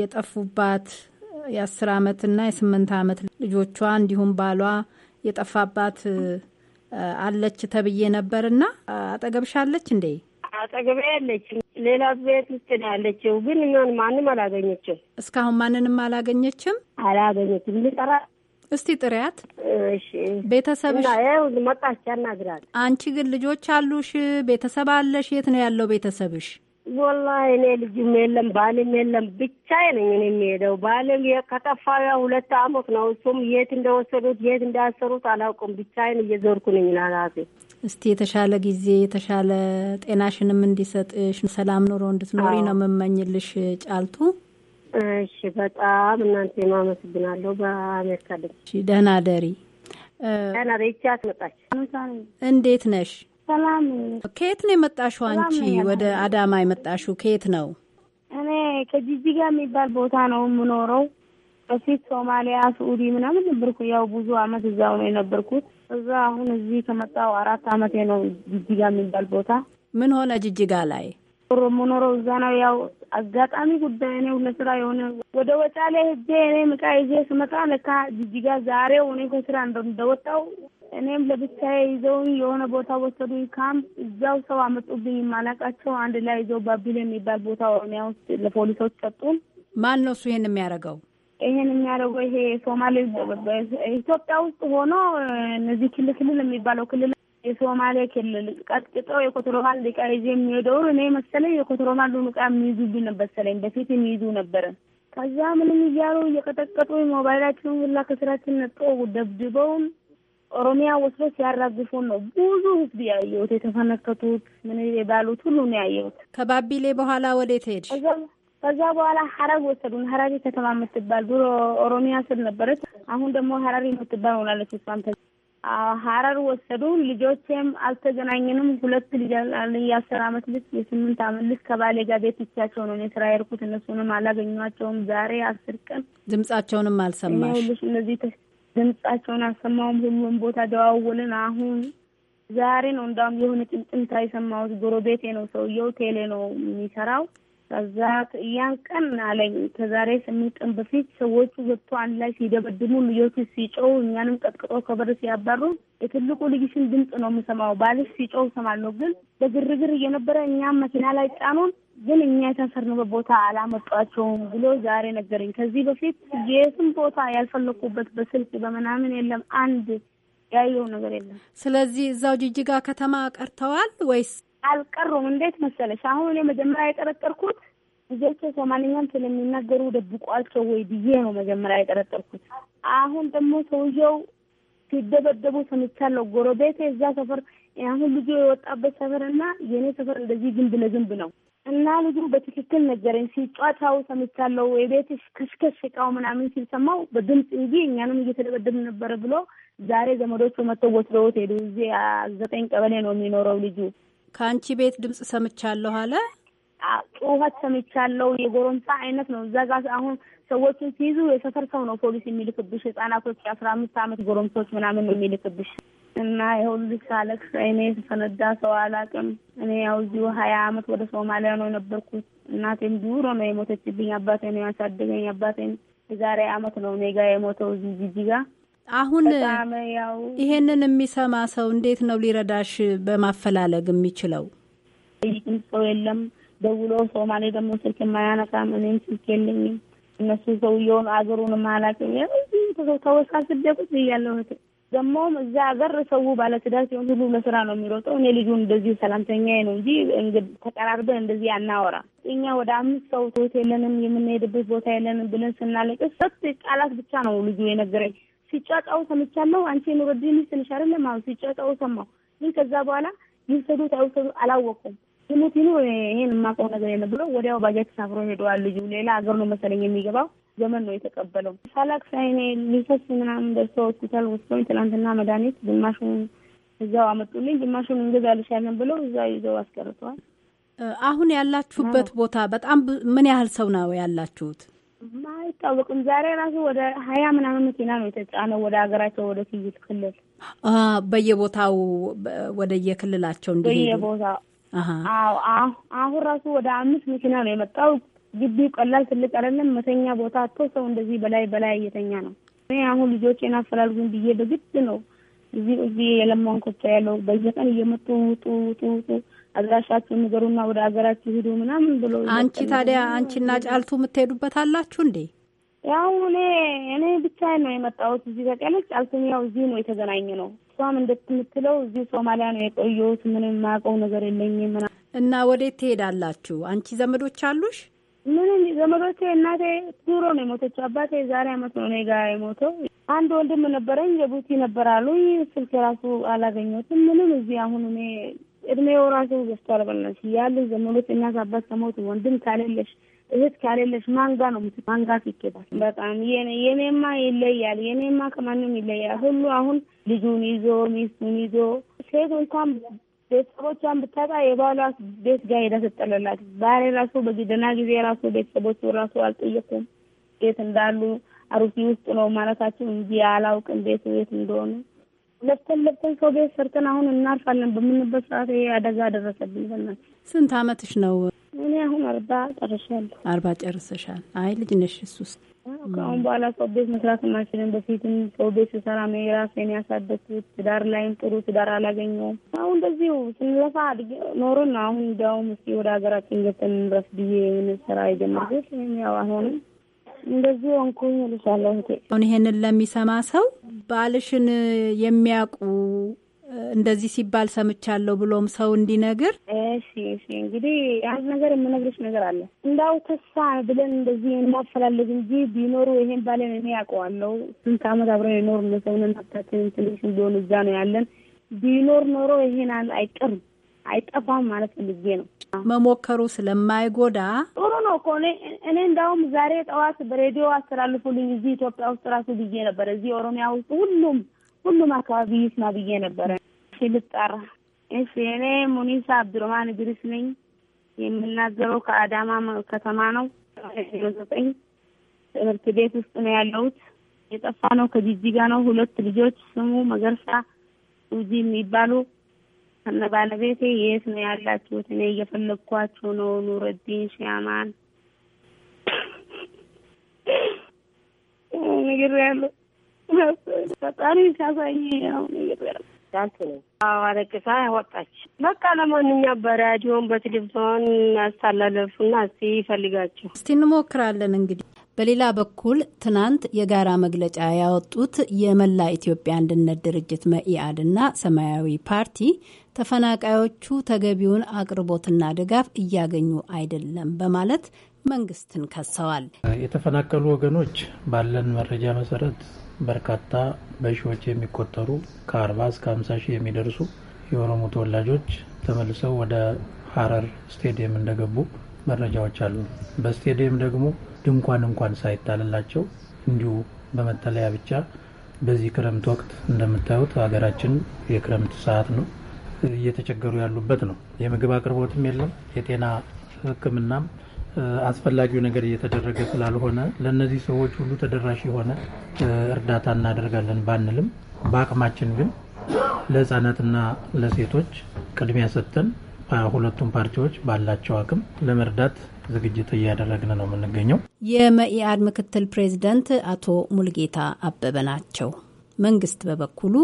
የጠፉባት የአስር አመትና የስምንት አመት ልጆቿ እንዲሁም ባሏ የጠፋባት አለች ተብዬ ነበርና አጠገብሻለች እንዴ? አጠገቤ ያለች ሌላ ቤት ውስጥ ነው ያለችው፣ ግን እኛን ማንም አላገኘችም። እስካሁን ማንንም አላገኘችም አላገኘችም። ልጠራ እስቲ ጥሪያት። ቤተሰብ መጣች፣ ያናግራል። አንቺ ግን ልጆች አሉሽ፣ ቤተሰብ አለሽ? የት ነው ያለው ቤተሰብሽ? ወላሂ እኔ ልጅም የለም ባልም የለም ብቻ ነኝ። እኔ የሚሄደው ባልም ከጠፋ ያው ሁለት አመት ነው። እሱም የት እንደወሰዱት የት እንዳሰሩት አላውቅም። ብቻዬን እየዞርኩ ነኝ። ላላሴ እስቲ የተሻለ ጊዜ የተሻለ ጤናሽንም እንዲሰጥሽ ሰላም ኑሮ እንድትኖሪ ነው የምመኝልሽ ጫልቱ። እሺ፣ በጣም እናንተ ማመሰግናለሁ። በአሜሪካ ድምፅ ደህና ደሪ ደህና ደቻ ይቻ ትመጣች እንዴት ነሽ? ሰላም። ከየት ነው የመጣሹ? አንቺ ወደ አዳማ የመጣሹ ከየት ነው? እኔ ከጂጂጋ የሚባል ቦታ ነው የምኖረው። በፊት ሶማሊያ፣ ስዑዲ ምናምን ነበርኩ። ያው ብዙ አመት እዛው ነው የነበርኩት። እዛ አሁን እዚህ ከመጣው አራት አመቴ ነው። ጂጂጋ የሚባል ቦታ ምን ሆነ? ጂጂጋ ላይ የምኖረው እዛ ነው። ያው አጋጣሚ ጉዳይ ነው ለስራ የሆነ ወደ ወጫሌ ሄጄ እኔ ምቃ ይዤ ስመጣ ለካ ጂጂጋ ዛሬው እኔ ከስራ እንደወጣው እኔም ለብቻዬ ይዘውኝ የሆነ ቦታ ወሰዱኝ። ካም እዛው ሰው አመጡብኝ የማላውቃቸው አንድ ላይ ይዘው ባቢል የሚባል ቦታ ኦሮሚያ ውስጥ ለፖሊሶች ሰጡን። ማን ነው እሱ ይሄን የሚያደርገው? ይሄን የሚያደርገው ይሄ ሶማሌ ኢትዮጵያ ውስጥ ሆኖ እነዚህ ክልል ክልል የሚባለው ክልል የሶማሌ ክልል ቀጥቅጠው የኮትሮማል ዕቃ ይዜ የሚሄደውን እኔ መሰለኝ የኮትሮማሉን ዕቃ የሚይዙብኝ ነበር መሰለኝ በፊት የሚይዙ ነበረ። ከዛ ምንም እያሉ እየቀጠቀጡ ሞባይላችንን ሁላ ከስራችን ነጥቆ ደብድበውን ኦሮሚያ ወስዶ ሲያራግፉን ነው ብዙ ህዝብ ያየሁት። የተፈነከቱት ምን የባሉት ሁሉ ነው ያየሁት። ከባቢሌ በኋላ ወዴት ሄድሽ? ከዛ በኋላ ሀረር ወሰዱን። ሀራሪ ከተማ የምትባል ድሮ ኦሮሚያ ስር ነበረች። አሁን ደግሞ ሀራሪ የምትባል ሆናለች። ስንተ ሀረር ወሰዱን። ልጆቼም አልተገናኘንም። ሁለት ልጅ የአስር አመት ልጅ፣ የስምንት አመት ልጅ ከባሌ ጋር ቤት ይቻቸው ነው ስራ ያልኩት። እነሱንም አላገኟቸውም። ዛሬ አስር ቀን ድምጻቸውንም አልሰማሽ እነዚህ ድምጻቸውን አሰማውም ሁሉም ቦታ ደዋውልን። አሁን ዛሬ ነው እንዳውም የሆነ ጭምጭምታ የሰማሁት። ጎረቤቴ ነው ሰውየው ቴሌ ነው የሚሰራው ከዛ ያን ቀን አለኝ ከዛሬ ስምንት ቀን በፊት ሰዎቹ ገብቶ አንድ ላይ ሲደበድሙ ልጆቹ ሲጮው እኛንም ቀጥቅጦ ከበር ሲያባሩ የትልቁ ልጅሽን ድምፅ ነው የምሰማው፣ ባልሽ ሲጮው እሰማለሁ። ግን በግርግር እየነበረ እኛም መኪና ላይ ጫኑን፣ ግን እኛ የታሰርንበት ቦታ አላመጧቸውም ብሎ ዛሬ ነገረኝ። ከዚህ በፊት የትም ቦታ ያልፈለኩበት በስልክ በምናምን የለም አንድ ያየው ነገር የለም። ስለዚህ እዛው ጅጅጋ ከተማ ቀርተዋል ወይስ አልቀሩም። እንዴት መሰለሽ አሁን እኔ መጀመሪያ የጠረጠርኩት ልጆቼ ሰማንኛም ስለሚናገሩ ደብቋቸው ወይ ብዬ ነው መጀመሪያ የጠረጠርኩት። አሁን ደግሞ ሰውየው ሲደበደቡ ሰምቻለሁ። ጎረቤቴ እዛ ሰፈር አሁን ልጁ የወጣበት ሰፈር እና የእኔ ሰፈር እንደዚህ ግንብ ለግንብ ነው እና ልጁ በትክክል ነገረኝ። ሲጫታው ሰምቻለሁ። የቤት ከሽከሽ እቃው ምናምን ሲልሰማው በድምፅ እንጂ እኛንም እየተደበደብ ነበረ ብሎ ዛሬ ዘመዶቹ መጥተው ወስደውት ሄዱ። እዚህ ዘጠኝ ቀበሌ ነው የሚኖረው ልጁ ከአንቺ ቤት ድምፅ ሰምቻለሁ አለ። ጩኸት ሰምቻለሁ። የጎረምሳ አይነት ነው። እዛ ጋ አሁን ሰዎችን ሲይዙ የሰፈር ሰው ነው ፖሊስ የሚልክብሽ። ህጻናቶች የአስራ አምስት አመት ጎረምሶች ምናምን ነው የሚልክብሽ እና ይኸውልሽ ሳለቅስ እኔ የተሰነዳ ሰው አላውቅም። እኔ ያው እዚሁ ሀያ አመት ወደ ሶማሊያ ነው የነበርኩት። እናቴም ዱሮ ነው የሞተችብኝ። አባቴ ነው ያሳደገኝ። አባቴም የዛሬ አመት ነው እኔ ጋ የሞተው እዚህ ጅጅጋ አሁን ይሄንን የሚሰማ ሰው እንዴት ነው ሊረዳሽ በማፈላለግ የሚችለው? ሰው የለም ደውሎ ሶማሌ ደግሞ ስልክ የማያነሳም እኔም ስልክ የለኝም። እነሱ ሰውየውን አገሩን ማላቅ ተወሳ ስደቁት ብያለሁ። ደግሞ እዛ ሀገር ሰው ባለትዳር ሲሆን ሁሉ ለስራ ነው የሚሮጠው። እኔ ልጁን እንደዚህ ሰላምተኛ ነው እንጂ ተቀራርበን እንደዚህ አናወራ። እኛ ወደ አምስት ሰው ቶት የለንም፣ የምንሄድበት ቦታ የለንም ብለን ስናለቅስ ቃላት ብቻ ነው ልጁ የነገረኝ። ሲጫጫው ሰምቻለሁ። አንቺ ኑርዲን ትንሽ አይደለም አሁን ሲጫጫው ሰማሁ። ግን ከዛ በኋላ ይውሰዱት አይውሰዱ አላወቁም። ይሙት ይኑር ይሄን የማውቀው ነገር የለም ብሎ ወዲያው ባጃጅ ተሳፍሮ ሄደዋል። ልጁ ሌላ ሀገር ነው መሰለኝ የሚገባው ዘመን ነው የተቀበለው። ሳላክ ሳይኔ ሊፈስ ምናምን ደርሶ ሆስፒታል ወስዶኝ ትናንትና መድኃኒት ግማሹን እዛው አመጡልኝ፣ ግማሹን እንገዛልሻለን ብለው እዛ ይዘው አስቀርተዋል። አሁን ያላችሁበት ቦታ በጣም ምን ያህል ሰው ነው ያላችሁት? አይታወቅም። ዛሬ ራሱ ወደ ሀያ ምናምን መኪና ነው የተጫነው ወደ ሀገራቸው ወደ ስዩት ክልል በየቦታው ወደ የክልላቸው በየቦታው አሁን ራሱ ወደ አምስት መኪና ነው የመጣው። ግቢው ቀላል ትልቅ አይደለም። መተኛ ቦታ አቶ ሰው እንደዚህ በላይ በላይ እየተኛ ነው። እኔ አሁን ልጆቼን አፈላልጉኝ ብዬ በግድ ነው እዚህ እዚህ የለመንኩት ያለው በየቀን እየመጡ ውጡ ውጡ ውጡ አድራሻችሁን ንገሩና ወደ ሀገራችሁ ሂዱ ምናምን ብሎ አንቺ ታዲያ አንቺና ጫልቱ የምትሄዱበት አላችሁ እንዴ? ያው እኔ እኔ ብቻ ነው የመጣሁት እዚህ ተቀለች። ጫልቱም ያው እዚህ ነው የተገናኘ ነው። እሷም እንደምትለው እዚህ ሶማሊያ ነው የቆየሁት። ምንም የማውቀው ነገር የለኝም ምና እና ወዴት ትሄዳላችሁ? አንቺ ዘመዶች አሉሽ? ምንም ዘመዶቼ እናቴ ድሮ ነው የሞተችው። አባቴ ዛሬ አመት ነው እኔ ጋ የሞተው። አንድ ወንድም ነበረኝ ጅቡቲ ነበር አሉኝ። ስልክ ራሱ አላገኘሁትም ምንም። እዚህ አሁን እኔ እድሜው ራሱ ገዝቷል። በእናትሽ ያለ ዘመዶች እናት አባት ከሞቱ ወንድም ካሌለሽ እህት ካሌለሽ ማንጋ ነው ማንጋ ይኬዳል። በጣም የኔማ ይለያል። የኔማ ከማንም ይለያል። ሁሉ አሁን ልጁን ይዞ ሚስቱን ይዞ ሴት እንኳን ቤተሰቦቿን ብታጣ የባሏ ቤት ጋር ሄዳ ትጠለላት። ባሌ ራሱ በደህና ጊዜ ራሱ ቤተሰቦቹ ራሱ አልጠየቁም ቤት እንዳሉ አሩቂ ውስጥ ነው ማለታችን እንጂ አላውቅም ቤት ቤት እንደሆነ ለፍተን ለፍተን ሰው ቤት ሰርተን አሁን እናርፋለን በምንበት ሰዓት ይሄ አደጋ ደረሰብን። በናት ስንት አመትሽ ነው? እኔ አሁን አርባ ጨርሻለሁ። አርባ ጨርሰሻል። አይ ልጅ ነሽ። እሱስ ከአሁን በኋላ ሰው ቤት መስራት ማችልን። በፊትም ሰው ቤት ስሰራ ነው የራሴን ያሳደኩት። ትዳር ላይም ጥሩ ትዳር አላገኘውም። አሁን እንደዚሁ ስንለፋ ኖርን። አሁን እንዲያውም እስኪ ወደ ሀገራችን ገብተን እንረፍ ብዬ ምን ስራ የጀመርኩት ያው አሁንም እንደዚህ ሆንኩኝ እልሻለሁ። አሁን ይሄንን ለሚሰማ ሰው ባልሽን የሚያውቁ እንደዚህ ሲባል ሰምቻለሁ ብሎም ሰው እንዲነግር። እሺ እሺ። እንግዲህ አንድ ነገር የምነግርሽ ነገር አለ። እንዳው ተስፋ ብለን እንደዚህ የማፈላለግ እንጂ ቢኖሩ ይሄን ባለን እኔ ያውቀዋለሁ። ስንት አመት አብረን የኖር ሰውነን ናታችን ትንሽ ቢሆን እዛ ነው ያለን። ቢኖር ኖሮ ይሄን አይቀርም አይጠፋም ማለት ፈልጌ ነው። መሞከሩ ስለማይጎዳ ጥሩ ነው እኮ እኔ እንዳውም ዛሬ ጠዋት በሬዲዮ አስተላልፉልኝ እዚህ ኢትዮጵያ ውስጥ ራሱ ብዬ ነበረ። እዚህ ኦሮሚያ ውስጥ ሁሉም ሁሉም አካባቢ ይስማ ብዬ ነበረ። ልጣራ እሺ። እኔ ሙኒሳ አብዱረማን እድሪስ ነኝ። የምናገረው ከአዳማ ከተማ ነው። ዘጠኝ ትምህርት ቤት ውስጥ ነው ያለሁት። የጠፋ ነው ከጂጂጋ ነው። ሁለት ልጆች ስሙ መገርሳ ሱዚ የሚባሉ እነ ባለቤቴ የት ነው ያላችሁት? እኔ እየፈለግኳችሁ ነው። ኑረዲን ሻማን ነገር ያለው ፈጣሪ ሲያሳይ ያው ነገር ያለው አለቅሳ ወጣች። በቃ ለማንኛውም በራዲዮን በቴሌቪዥን ያስተላለፉና እስቲ ይፈልጋችሁ እስቲ እንሞክራለን። እንግዲህ በሌላ በኩል ትናንት የጋራ መግለጫ ያወጡት የመላ ኢትዮጵያ አንድነት ድርጅት መኢአድና ሰማያዊ ፓርቲ ተፈናቃዮቹ ተገቢውን አቅርቦትና ድጋፍ እያገኙ አይደለም በማለት መንግስትን ከሰዋል። የተፈናቀሉ ወገኖች ባለን መረጃ መሰረት በርካታ በሺዎች የሚቆጠሩ ከ40 እስከ 50 ሺህ የሚደርሱ የኦሮሞ ተወላጆች ተመልሰው ወደ ሀረር ስቴዲየም እንደገቡ መረጃዎች አሉ። በስቴዲየም ደግሞ ድንኳን እንኳን ሳይጣልላቸው እንዲሁ በመጠለያ ብቻ በዚህ ክረምት ወቅት እንደምታዩት ሀገራችን የክረምት ሰዓት ነው። እየተቸገሩ ያሉበት ነው። የምግብ አቅርቦትም የለም፣ የጤና ሕክምናም አስፈላጊው ነገር እየተደረገ ስላልሆነ ለእነዚህ ሰዎች ሁሉ ተደራሽ የሆነ እርዳታ እናደርጋለን ባንልም በአቅማችን ግን ለህጻናትና ለሴቶች ቅድሚያ ሰጥተን ሁለቱም ፓርቲዎች ባላቸው አቅም ለመርዳት ዝግጅት እያደረግን ነው የምንገኘው። የመኢአድ ምክትል ፕሬዚደንት አቶ ሙልጌታ አበበ ናቸው። መንግስት በበኩሉ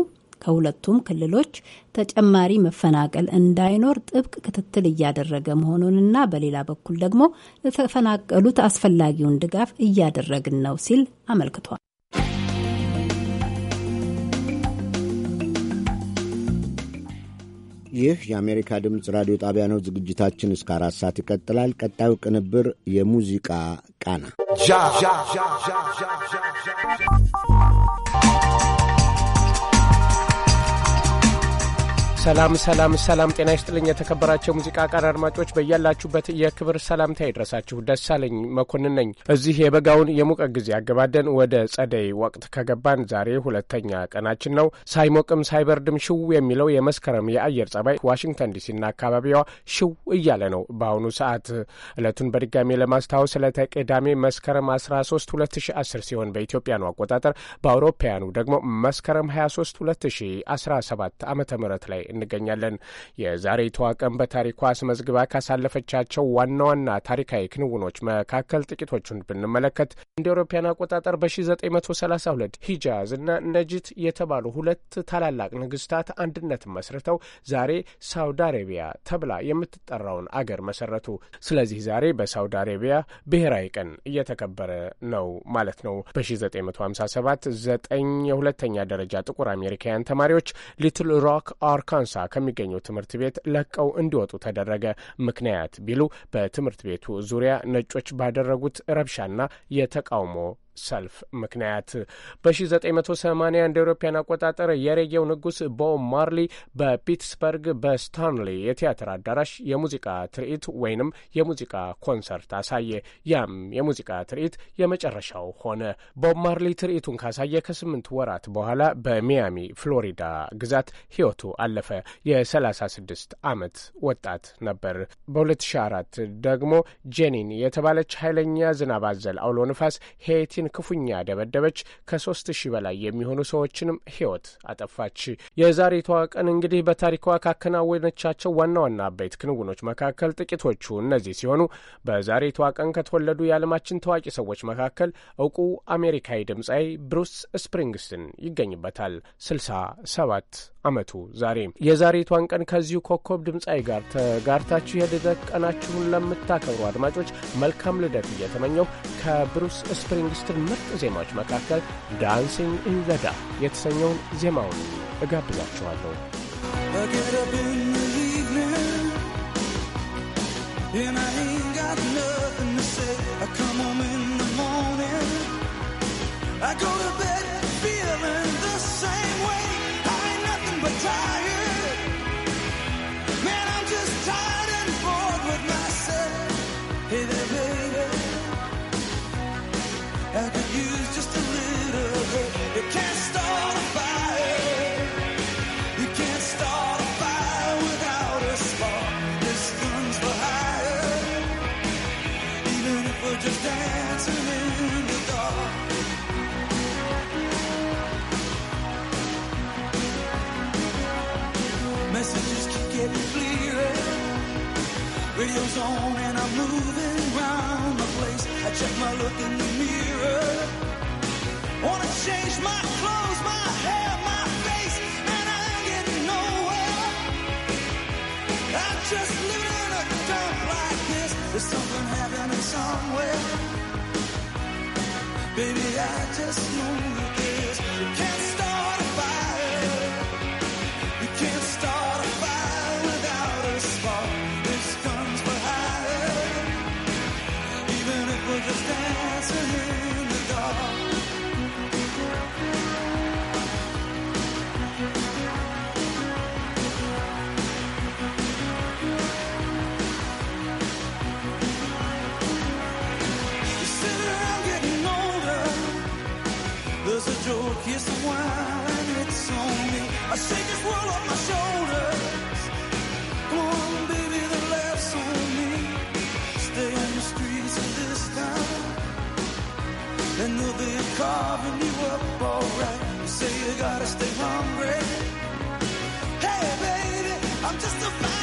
ከሁለቱም ክልሎች ተጨማሪ መፈናቀል እንዳይኖር ጥብቅ ክትትል እያደረገ መሆኑንና በሌላ በኩል ደግሞ ለተፈናቀሉት አስፈላጊውን ድጋፍ እያደረግን ነው ሲል አመልክቷል። ይህ የአሜሪካ ድምፅ ራዲዮ ጣቢያ ነው። ዝግጅታችን እስከ አራት ሰዓት ይቀጥላል። ቀጣዩ ቅንብር የሙዚቃ ቃና ሰላም ሰላም ሰላም፣ ጤና ይስጥልኝ የተከበራቸው ሙዚቃ ቃር አድማጮች በያላችሁበት የክብር ሰላምታ ይድረሳችሁ። ደሳለኝ መኮንን ነኝ። እዚህ የበጋውን የሙቀ ጊዜ አገባደን ወደ ጸደይ ወቅት ከገባን ዛሬ ሁለተኛ ቀናችን ነው። ሳይሞቅም ሳይበርድም ሽው የሚለው የመስከረም የአየር ጸባይ ዋሽንግተን ዲሲና አካባቢዋ ሽው እያለ ነው በአሁኑ ሰዓት። እለቱን በድጋሜ ለማስታወስ ዕለተ ቅዳሜ መስከረም 13 2010 ሲሆን በኢትዮጵያኑ አቆጣጠር በአውሮፓውያኑ ደግሞ መስከረም 23 2017 ዓ ም ላይ እንገኛለን። የዛሬቷ ቀን በታሪኳ አስመዝግባ ካሳለፈቻቸው ዋና ዋና ታሪካዊ ክንውኖች መካከል ጥቂቶቹን ብንመለከት እንደ አውሮፓውያን አቆጣጠር በ1932 ሂጃዝ እና ነጅት የተባሉ ሁለት ታላላቅ ንግስታት አንድነትን መስርተው ዛሬ ሳውዲ አረቢያ ተብላ የምትጠራውን አገር መሰረቱ። ስለዚህ ዛሬ በሳውዲ አረቢያ ብሔራዊ ቀን እየተከበረ ነው ማለት ነው። በ1957 ዘጠኝ የሁለተኛ ደረጃ ጥቁር አሜሪካውያን ተማሪዎች ሊትል ሮክ አርካ ዋንሳ ከሚገኘው ትምህርት ቤት ለቀው እንዲወጡ ተደረገ። ምክንያት ቢሉ በትምህርት ቤቱ ዙሪያ ነጮች ባደረጉት ረብሻና የተቃውሞ ሰልፍ ምክንያት በ1980 እንደ አውሮፓውያን አቆጣጠር የሬጌው ንጉሥ ቦብ ማርሊ በፒትስበርግ በስታንሊ የቲያትር አዳራሽ የሙዚቃ ትርኢት ወይንም የሙዚቃ ኮንሰርት አሳየ። ያም የሙዚቃ ትርኢት የመጨረሻው ሆነ። ቦብ ማርሊ ትርኢቱን ካሳየ ከስምንት ወራት በኋላ በሚያሚ ፍሎሪዳ ግዛት ሕይወቱ አለፈ። የ36 ዓመት ወጣት ነበር። በ2004 ደግሞ ጄኒን የተባለች ኃይለኛ ዝናብ አዘል አውሎ ንፋስ ሄይቲ ሴቶችን ክፉኛ ደበደበች። ከሶስት ሺህ በላይ የሚሆኑ ሰዎችንም ሕይወት አጠፋች። የዛሬቷ ቀን እንግዲህ በታሪኳ ካከናወነቻቸው ዋና ዋና አበይት ክንውኖች መካከል ጥቂቶቹ እነዚህ ሲሆኑ በዛሬቷ ቀን ከተወለዱ የዓለማችን ታዋቂ ሰዎች መካከል እውቁ አሜሪካዊ ድምፃዊ ብሩስ ስፕሪንግስትን ይገኝበታል። ስልሳ ሰባት ዓመቱ ዛሬ። የዛሬቷን ቀን ከዚሁ ኮከብ ድምፃዊ ጋር ተጋርታችሁ የልደት ቀናችሁን ለምታከብሩ አድማጮች መልካም ልደት እየተመኘው ከብሩስ ስፕሪንግስትን I'm not መካከል ዳንሲንግ ኢን ዘ ዳርክ የተሰኘውን ዜማውን እጋብዛችኋለሁ። And I ain't got nothing to say. I come home in the morning. I go to Radio's on and I'm moving round the place. I check my look in the mirror. Wanna change my clothes, my hair, my face, and I ain't getting nowhere. I'm just living in a dump like this. There's something happening somewhere. Baby, I just know it is. You can't say you gotta stay hungry. Hey, baby, I'm just a man.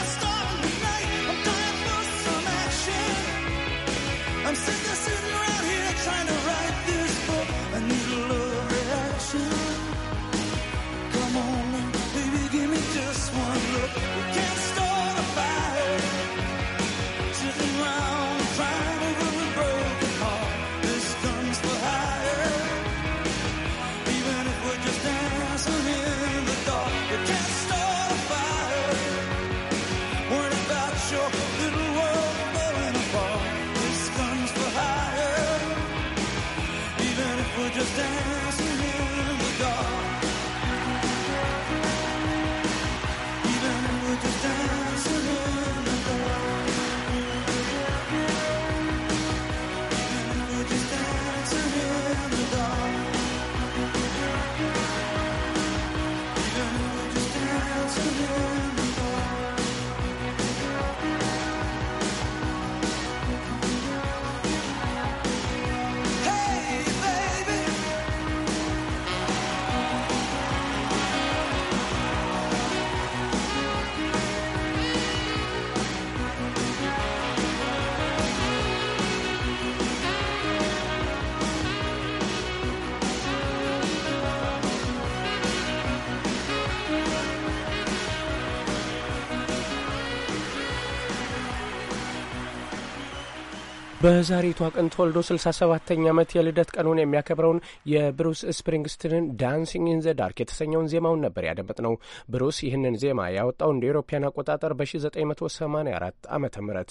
በዛሬቷ ቀን ተወልዶ 67ኛ ዓመት የልደት ቀኑን የሚያከብረውን የብሩስ ስፕሪንግስትንን ዳንሲንግ ኢን ዘ ዳርክ የተሰኘውን ዜማውን ነበር ያደመጥ ነው። ብሩስ ይህንን ዜማ ያወጣው እንደ ኤሮፓያን አቆጣጠር በ1984 ዓ ም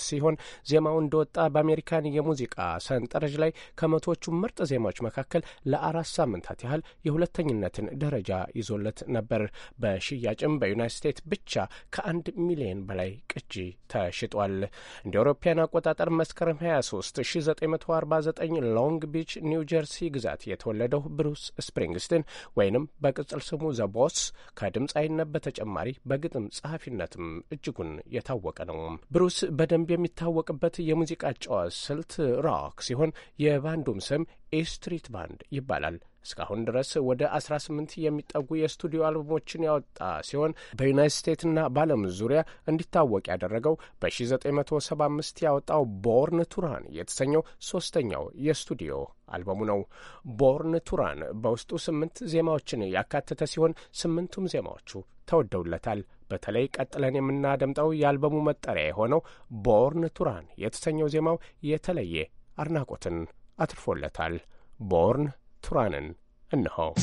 ሲሆን ዜማው እንደወጣ በአሜሪካን የሙዚቃ ሰንጠረዥ ላይ ከመቶዎቹ ምርጥ ዜማዎች መካከል ለአራት ሳምንታት ያህል የሁለተኝነትን ደረጃ ይዞለት ነበር። በሽያጭም በዩናይት ስቴትስ ብቻ ከአንድ ሚሊዮን በላይ ቅጂ ተሽጧል። እንደ ኤሮፓያን አቆጣጠር መስከረም 23 1949 ሎንግ ቢች ኒው ኒውጀርሲ ግዛት የተወለደው ብሩስ ስፕሪንግስቲን ወይንም በቅጽል ስሙ ዘቦስ ከድምፃዊነት በተጨማሪ በግጥም ጸሐፊነትም እጅጉን የታወቀ ነው። ብሩስ በደንብ የሚታወቅበት የሙዚቃ ጨዋ ስልት ሮክ ሲሆን የባንዱም ስም ኤስትሪት ባንድ ይባላል። እስካሁን ድረስ ወደ 18 የሚጠጉ የስቱዲዮ አልበሞችን ያወጣ ሲሆን በዩናይት ስቴትስና በዓለም ዙሪያ እንዲታወቅ ያደረገው በ1975 ያወጣው ቦርን ቱራን የተሰኘው ሶስተኛው የስቱዲዮ አልበሙ ነው። ቦርን ቱራን በውስጡ ስምንት ዜማዎችን ያካተተ ሲሆን ስምንቱም ዜማዎቹ ተወደውለታል። በተለይ ቀጥለን የምናደምጠው የአልበሙ መጠሪያ የሆነው ቦርን ቱራን የተሰኘው ዜማው የተለየ አድናቆትን አትርፎለታል። ቦርን ترانا أنه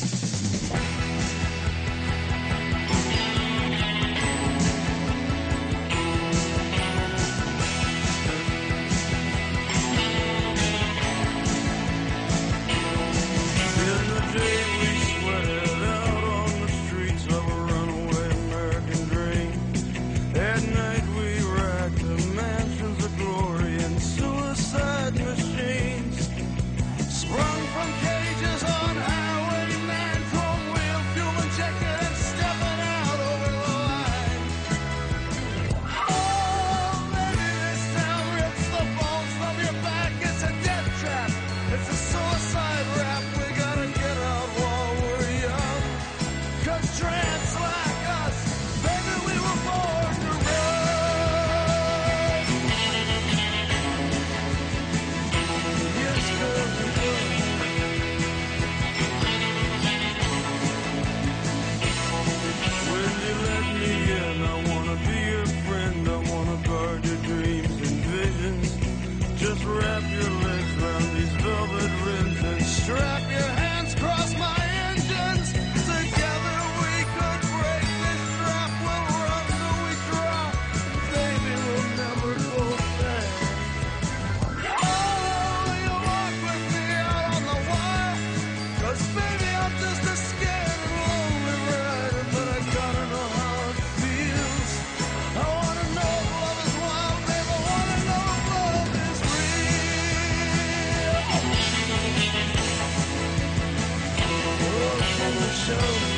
show.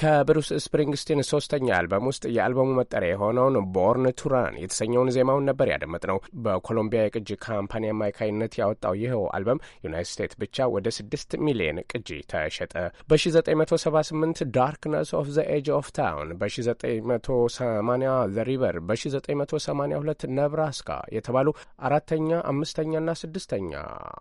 ከብሩስ ስፕሪንግስቲን ሶስተኛ አልበም ውስጥ የአልበሙ መጠሪያ የሆነውን ቦርን ቱራን የተሰኘውን ዜማውን ነበር ያደመጥ ነው። በኮሎምቢያ የቅጂ ካምፓኒ አማካይነት ያወጣው ይኸው አልበም ዩናይት ስቴትስ ብቻ ወደ ስድስት ሚሊየን ቅጂ ተሸጠ። በ1978 ዳርክነስ ኦፍ ዘ ኤጅ ኦፍ ታውን፣ በ1980 ዘ ሪቨር፣ በ1982 ነብራስካ የተባሉ አራተኛ ና ስድስተኛ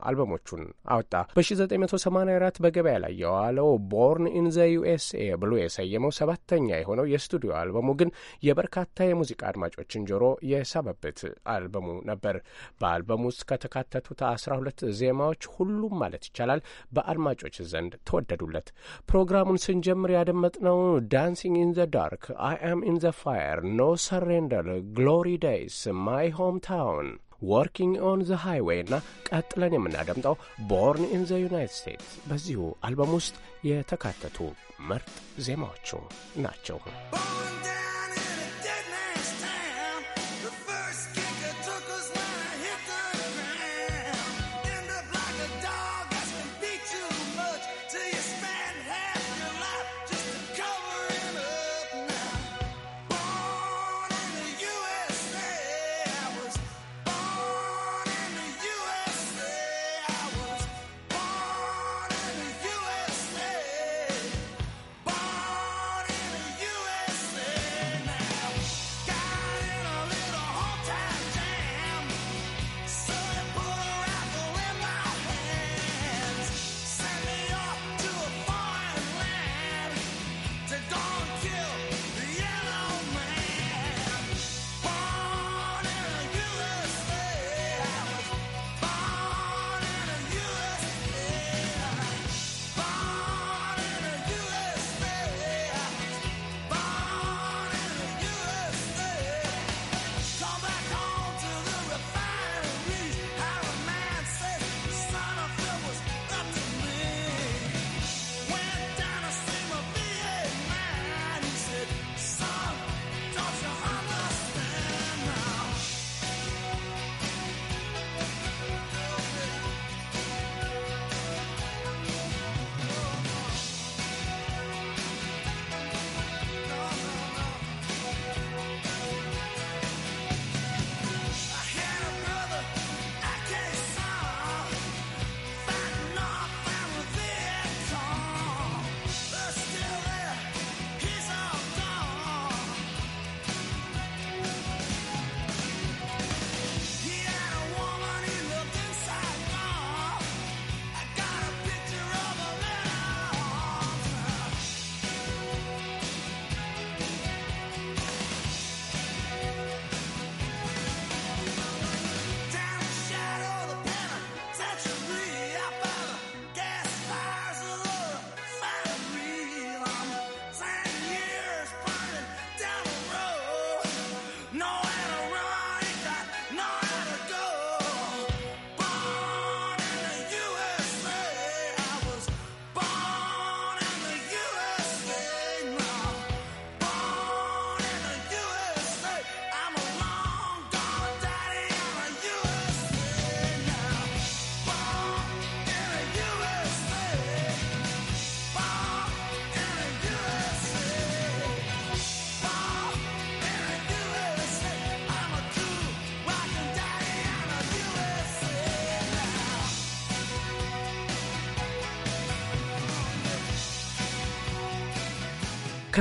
አልበሞቹን አወጣ። በ1984 በገበያ ላይ የዋለው ቦርን ኢን ዘ ዩኤስኤ ብሉ የተሰየመው ሰባተኛ የሆነው የስቱዲዮ አልበሙ ግን የበርካታ የሙዚቃ አድማጮችን ጆሮ የሳበበት አልበሙ ነበር። በአልበሙ ውስጥ ከተካተቱት አስራ ሁለት ዜማዎች ሁሉም ማለት ይቻላል በአድማጮች ዘንድ ተወደዱለት። ፕሮግራሙን ስንጀምር ያደመጥነው ዳንሲንግ ኢን ዘ ዳርክ፣ አይ አም ኢን ዘ ፋየር፣ ኖ ሰሬንደር፣ ግሎሪ ዴይስ፣ ማይ ሆም ታውን ወርኪንግ ኦን ዘ ሃይዌይ እና ቀጥለን የምናደምጠው ቦርን ኢን ዘ ዩናይትድ ስቴትስ በዚሁ አልበም ውስጥ የተካተቱ ምርጥ ዜማዎቹ ናቸው።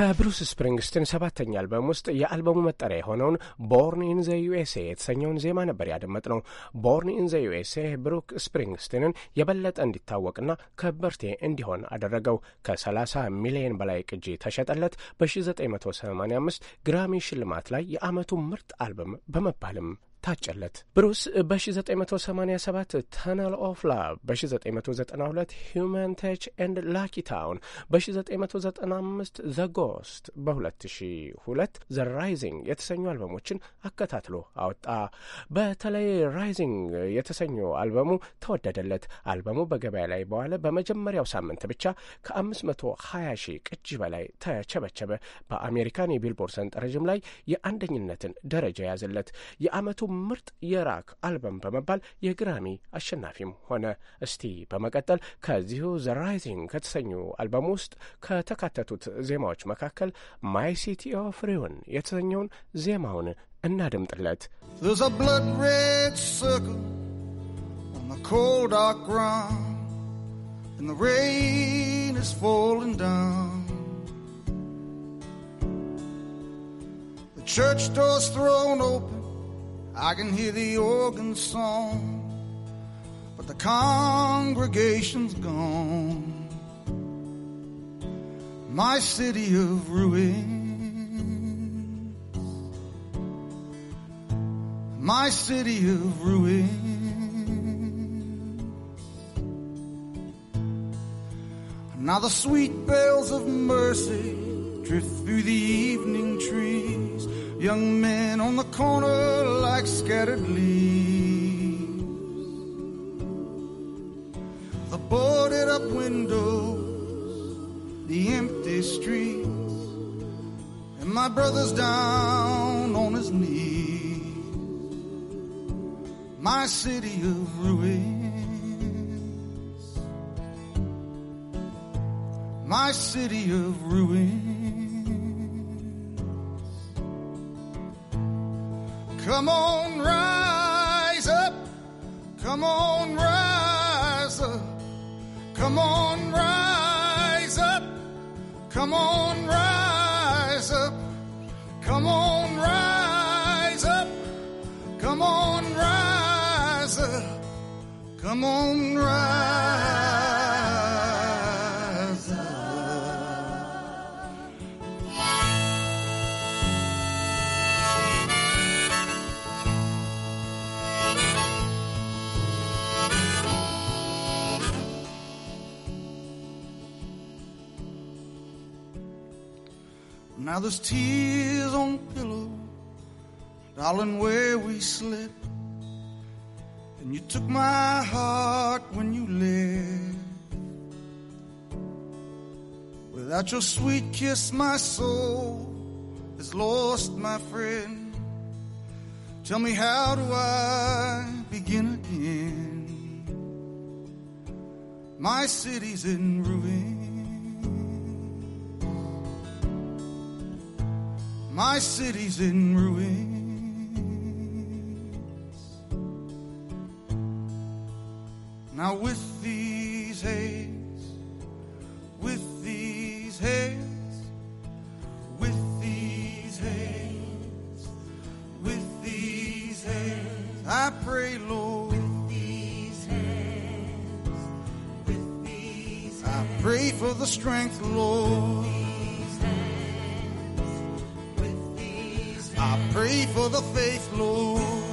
ከብሩስ ስፕሪንግስትን ሰባተኛ አልበም ውስጥ የአልበሙ መጠሪያ የሆነውን ቦርን ኢን ዘ ዩኤስኤ የተሰኘውን ዜማ ነበር ያደመጥ ነው። ቦርን ኢን ዘ ዩኤስኤ ብሩክ ስፕሪንግስትንን የበለጠ እንዲታወቅና ከበርቴ እንዲሆን አደረገው። ከ30 ሚሊዮን በላይ ቅጂ ተሸጠለት። በ1985 ግራሚ ሽልማት ላይ የአመቱ ምርጥ አልበም በመባልም ታጨለት። ብሩስ በ1987 ተነል ኦፍ ላቭ፣ በ1992 ሂውማን ታች ኤንድ ላኪ ታውን፣ በ1995 ዘ ጎስት፣ በ2002 ዘ ራይዚንግ የተሰኙ አልበሞችን አከታትሎ አወጣ። በተለይ ራይዚንግ የተሰኙ አልበሙ ተወደደለት። አልበሙ በገበያ ላይ በዋለ በመጀመሪያው ሳምንት ብቻ ከ520 ሺህ ቅጂ በላይ ተቸበቸበ። በአሜሪካን የቢልቦርድ ሰንጠረዥም ላይ የአንደኝነትን ደረጃ ያዘለት። የአመቱ ምርጥ የራክ አልበም በመባል የግራሚ አሸናፊም ሆነ። እስቲ በመቀጠል ከዚሁ ዘ ራይዚንግ ከተሰኙ አልበም ውስጥ ከተካተቱት ዜማዎች መካከል ማይ ሲቲ ኦፍ የተሰኘውን ዜማውን እናድምጥለት። church door's thrown open. I can hear the organ song, but the congregation's gone. My city of ruins, my city of ruins. Now the sweet bells of mercy drift through the evening trees young men on the corner like scattered leaves. The boarded up windows, the empty streets, and my brother's down on his knees. My city of ruins, my city of ruins. Come on, rise up. Come on, rise up. Come on, rise up. Come on, rise up. Come on, rise up. Come on, rise up. Come on, rise. Now there's tears on pillow, darling, where we slept. And you took my heart when you left. Without your sweet kiss, my soul is lost, my friend. Tell me, how do I begin again? My city's in ruins. My city's in ruins. Now, with these hands, with these hands, with these hands, with these hands, I pray, Lord. With these hands, with these hands, I pray for the strength, Lord. pray for the faith, Lord.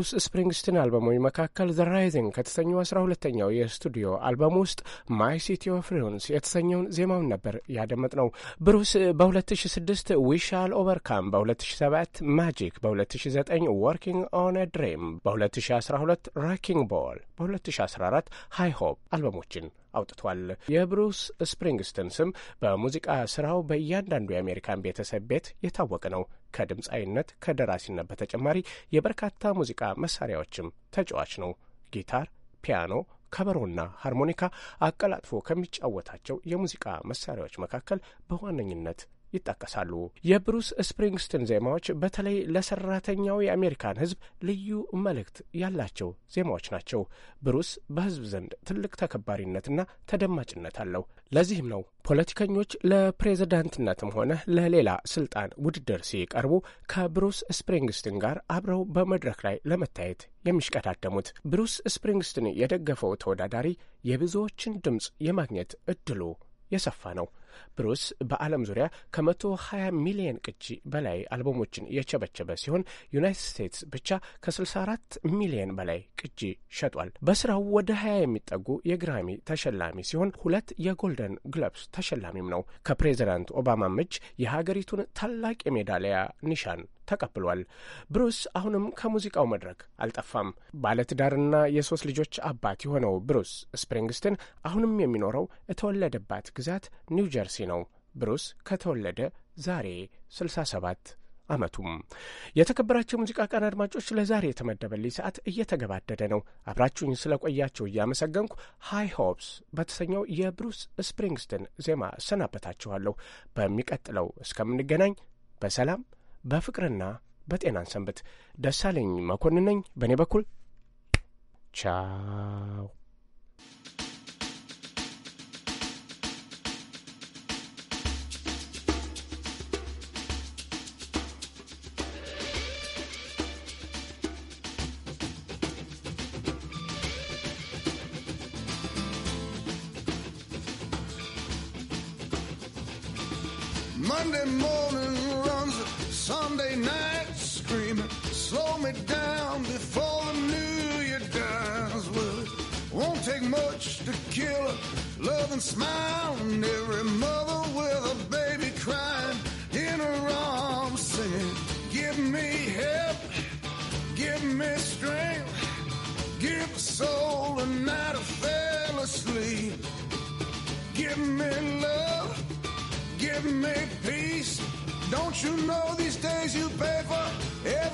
ብሩስ ስፕሪንግስትን አልበሞች መካከል ዘ ራይዚንግ ከተሰኘው አስራ ሁለተኛው የስቱዲዮ አልበም ውስጥ ማይ ሲቲ ኦፍ የተሰኘውን ዜማውን ነበር ያደመጥ ነው። ብሩስ በ2006 ዊሻል ኦቨርካም፣ በ2007 ማጂክ፣ በ2009 ወርኪንግ ኦን ድሬም በ በ2012 ራኪንግ ቦል፣ በ2014 ሃይ ሆፕ አልበሞችን አውጥቷል። የብሩስ ስፕሪንግስትን ስም በሙዚቃ ስራው በእያንዳንዱ የአሜሪካን ቤተሰብ ቤት የታወቀ ነው። ከድምፃዊነት ከደራሲነት በተጨማሪ የበርካታ ሙዚቃ መሳሪያዎችም ተጫዋች ነው። ጊታር፣ ፒያኖ፣ ከበሮና ሃርሞኒካ አቀላጥፎ ከሚጫወታቸው የሙዚቃ መሳሪያዎች መካከል በዋነኝነት ይጠቀሳሉ። የብሩስ ስፕሪንግስትን ዜማዎች በተለይ ለሰራተኛው የአሜሪካን ሕዝብ ልዩ መልእክት ያላቸው ዜማዎች ናቸው። ብሩስ በሕዝብ ዘንድ ትልቅ ተከባሪነትና ተደማጭነት አለው። ለዚህም ነው ፖለቲከኞች ለፕሬዝዳንትነትም ሆነ ለሌላ ስልጣን ውድድር ሲቀርቡ ከብሩስ ስፕሪንግስትን ጋር አብረው በመድረክ ላይ ለመታየት የሚሽቀዳደሙት። ብሩስ ስፕሪንግስትን የደገፈው ተወዳዳሪ የብዙዎችን ድምፅ የማግኘት እድሉ የሰፋ ነው። ብሩስ በዓለም ዙሪያ ከ120 ሚሊየን ቅጂ በላይ አልበሞችን የቸበቸበ ሲሆን ዩናይትድ ስቴትስ ብቻ ከ64 ሚሊየን በላይ ቅጂ ሸጧል። በስራው ወደ 20 የሚጠጉ የግራሚ ተሸላሚ ሲሆን ሁለት የጎልደን ግሎብስ ተሸላሚም ነው። ከፕሬዚዳንት ኦባማም እጅ የሀገሪቱን ታላቅ የሜዳሊያ ኒሻን ተቀብሏል። ብሩስ አሁንም ከሙዚቃው መድረክ አልጠፋም። ባለትዳርና የሶስት ልጆች አባት የሆነው ብሩስ ስፕሪንግስትን አሁንም የሚኖረው የተወለደባት ግዛት ኒው ጀርሲ ነው። ብሩስ ከተወለደ ዛሬ 67 አመቱም። የተከበራቸው የሙዚቃ ቀን አድማጮች፣ ለዛሬ የተመደበልኝ ሰዓት እየተገባደደ ነው። አብራችሁኝ ስለ ቆያቸው እያመሰገንኩ ሃይ ሆፕስ በተሰኘው የብሩስ ስፕሪንግስትን ዜማ እሰናበታችኋለሁ። በሚቀጥለው እስከምንገናኝ በሰላም በፍቅርና በጤናን ሰንበት። ደሳለኝ መኮንን ነኝ። በእኔ በኩል ቻው። Monday morning killer, loving smile, and every mother with a baby crying in her arms, singing, Give me help, give me strength, give a soul a night I fell asleep. Give me love, give me peace. Don't you know these days you pay for everything?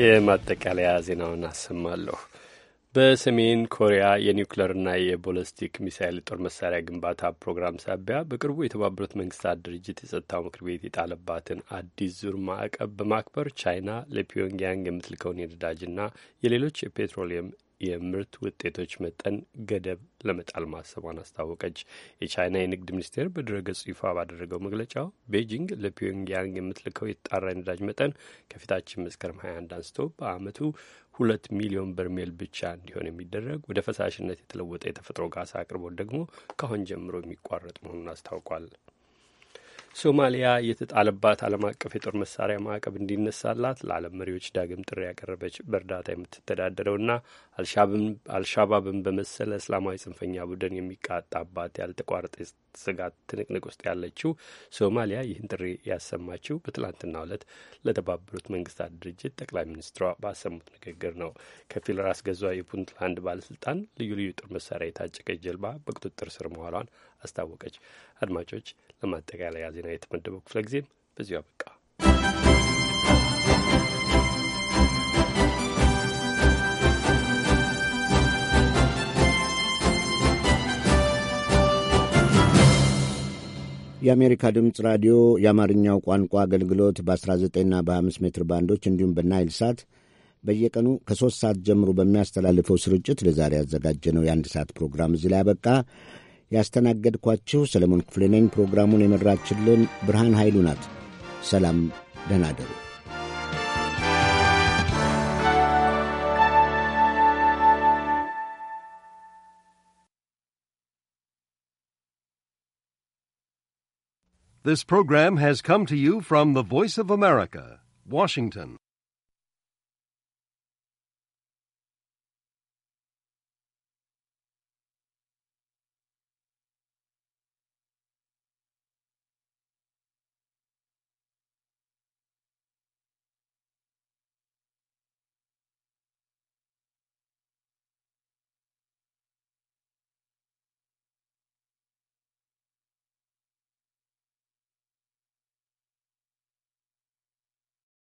የማጠቃለያ ዜናውን አሰማለሁ። በሰሜን ኮሪያ የኒውክለርና የቦለስቲክ ሚሳይል ጦር መሳሪያ ግንባታ ፕሮግራም ሳቢያ በቅርቡ የተባበሩት መንግስታት ድርጅት የጸጥታው ምክር ቤት የጣለባትን አዲስ ዙር ማዕቀብ በማክበር ቻይና ለፒዮንግያንግ የምትልከውን የነዳጅና የሌሎች የፔትሮሊየም የምርት ውጤቶች መጠን ገደብ ለመጣል ማሰቧን አስታወቀች። የቻይና የንግድ ሚኒስቴር በድረገጹ ይፋ ባደረገው መግለጫው ቤጂንግ ለፒዮንግያንግ የምትልከው የተጣራ ነዳጅ መጠን ከፊታችን መስከረም 21 አንስቶ በአመቱ ሁለት ሚሊዮን በርሜል ብቻ እንዲሆን የሚደረግ ወደ ፈሳሽነት የተለወጠ የተፈጥሮ ጋሳ አቅርቦት ደግሞ ካሁን ጀምሮ የሚቋረጥ መሆኑን አስታውቋል። ሶማሊያ የተጣለባት ዓለም አቀፍ የጦር መሳሪያ ማዕቀብ እንዲነሳላት ለዓለም መሪዎች ዳግም ጥሪ ያቀረበች በእርዳታ የምትተዳደረውና አልሻባብን በመሰለ እስላማዊ ጽንፈኛ ቡድን የሚቃጣባት ያልተቋረጠ ስጋት ትንቅንቅ ውስጥ ያለችው ሶማሊያ ይህን ጥሪ ያሰማችው በትላንትና ዕለት ለተባበሩት መንግስታት ድርጅት ጠቅላይ ሚኒስትሯ ባሰሙት ንግግር ነው። ከፊል ራስ ገዟ የፑንትላንድ ባለስልጣን ልዩ ልዩ ጦር መሳሪያ የታጨቀች ጀልባ በቁጥጥር ስር መዋሏን አስታወቀች። አድማጮች ለማጠቃለያ ዜና የተመደበው ክፍለ ጊዜም በዚሁ አበቃ። የአሜሪካ ድምፅ ራዲዮ የአማርኛው ቋንቋ አገልግሎት በ19ና በ5 ሜትር ባንዶች እንዲሁም በናይል ሳት በየቀኑ ከሦስት ሰዓት ጀምሮ በሚያስተላልፈው ስርጭት ለዛሬ ያዘጋጀነው የአንድ ሰዓት ፕሮግራም እዚህ ላይ አበቃ። ያስተናገድኳችሁ ሰለሞን ክፍሌ ነኝ። ፕሮግራሙን የመራችልን ብርሃን ኃይሉ ናት። ሰላም፣ ደህና አደሩ። This program has come to you from the Voice of America, Washington.